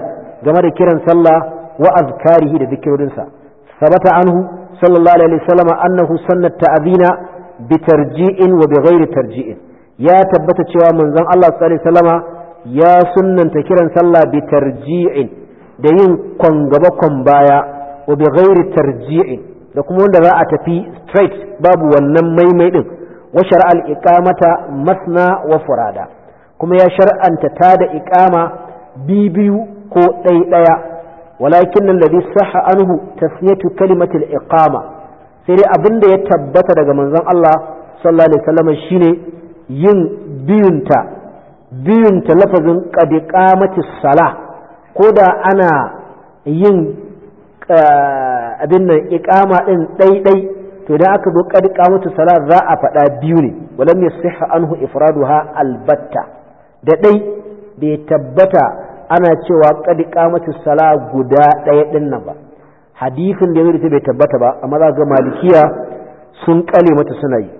game da kiran sallah wa azkarihi da zikirinsa sabata anhu sallallahu alaihi wasallam annahu sanna ta'zina bi tarji'in wa bighairi tarji'in ya tabbata cewa manzon Allah sallallahu alaihi wasallam ya sunnanta kiran sallah bi tarji'in da yin kwangaba kwan baya wa bighairi tarji'in da kuma wanda za a tafi straight babu wannan maimai din wa shar'al iqamata masna wa furada kuma ya shar'anta ta da iqama bibiyu ko ɗaiɗaya, ɗaya walakin nan ladhi sahha anhu tasniyatu kalimatul al-iqama sai dai abinda ya tabbata daga manzon Allah sallallahu alaihi wasallam shine yin biyunta biyunta lafazin qad ko da ana yin eh, abin nan iqama din ɗaiɗai, to idan aka zo kad qamatu za a faɗa biyu ne walam yasihha anhu ifraduha albatta da ɗai bai tabbata ana cewa kadi kamatu sala guda ɗaya ɗin nan ba hadisin da ya bai tabbata ba amma za ga malikiya sun kale mata suna yi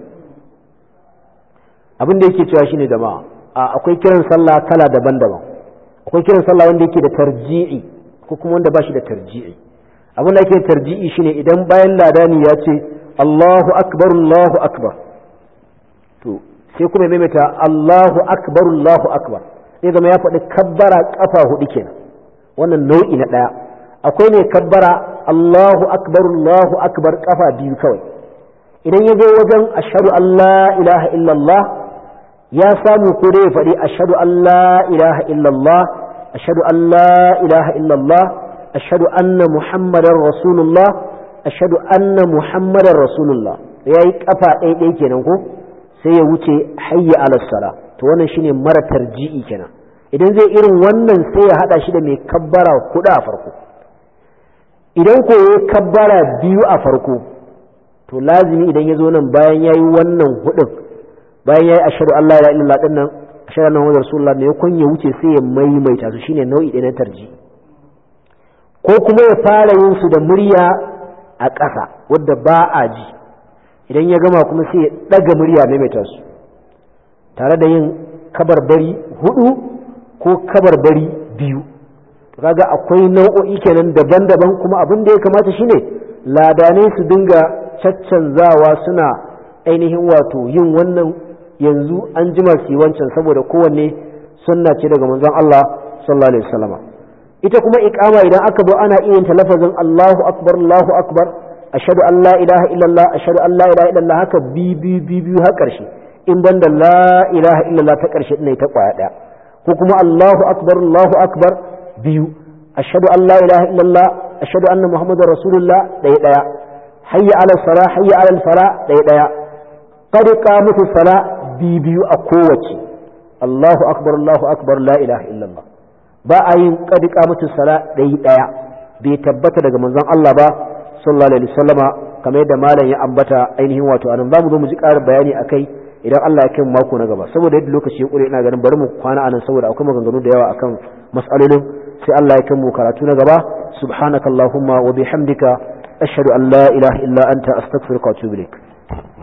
abin da yake cewa shine jama'a akwai kiran sallah kala daban-daban akwai kiran sallah wanda yake da tarji'i ko kuma wanda ba shi da tarji'i abin da yake tarji'i shine idan bayan ladani ya ce Allahu akbar Allahu akbar to sai kuma ya maimaita Allahu akbar Allahu akbar sai zama ya faɗi kabbara ƙafa hudu kenan wannan nau'i na ɗaya akwai ne kabbara Allahu akbar Allahu akbar ƙafa biyu kawai idan ya zo wajen ashadu allah ilaha illallah ya samu ko dai ya faɗi ashadu allah ilaha illallah ashadu allah ilaha illallah ashadu anna muhammadar rasulullah ashadu anna muhammadar rasulullah yayi yi ɗaya ɗaya kenan ko sai ya wuce hayya ala to wannan shine mara tarji'i kenan idan zai irin wannan sai ya hada shi da mai kabbara kuɗa a farko idan ko ya kabbara biyu a farko to lazimi idan ya zo nan bayan yayi wannan hudin bayan yayi ashhadu an la ilaha illallah din nan ashhadu anna muhammadar rasulullah ne kun ya wuce sai ya maimaita su shine nau'i ɗaya na tarji'i ko kuma ya fara yin su da murya a ƙasa wadda ba a ji idan ya gama kuma sai ya ɗaga murya maimaita su tare da yin kabarbari hudu ko kabarbari biyu kaga akwai nau'o'i kenan daban-daban kuma abin da ya kamata shine ladanai su dinga caccanzawa suna ainihin wato yin wannan yanzu an jima su wancan saboda kowanne sunna ce daga manzon Allah sallallahu alaihi wasallama ita kuma iqama idan aka zo ana iya yin lafazin Allahu akbar Allahu akbar ashhadu an la ilaha illallah ashhadu an la ilaha illallah haka bi bi bi bi har karshe in banda la ilaha illallah ta karshe din ta kwaya daya ko kuma Allahu akbar Allahu akbar biyu ashhadu an la ilaha illallah ashhadu anna muhammadar rasulullah daya daya hayya ala sala hayya ala fala daya daya qad qamatu sala bi biyu a kowace Allahu akbar Allahu akbar la ilaha illallah ba a yin qad qamatu sala daya daya bai tabbata daga manzon Allah ba sallallahu alaihi wasallama kamar yadda malam ya ambata ainihin wato anan zamu zo mu ji ƙarin bayani akai idan Allah ya kai mu mako na gaba saboda yadda lokaci ya kure ina ganin bari mu kwana anan saboda akwai maganganu da yawa akan mas'alolin sai Allah ya kai mu karatu na gaba subhanakallahumma wa bihamdika ashhadu an la ilaha illa anta astaghfiruka wa atubu ilaik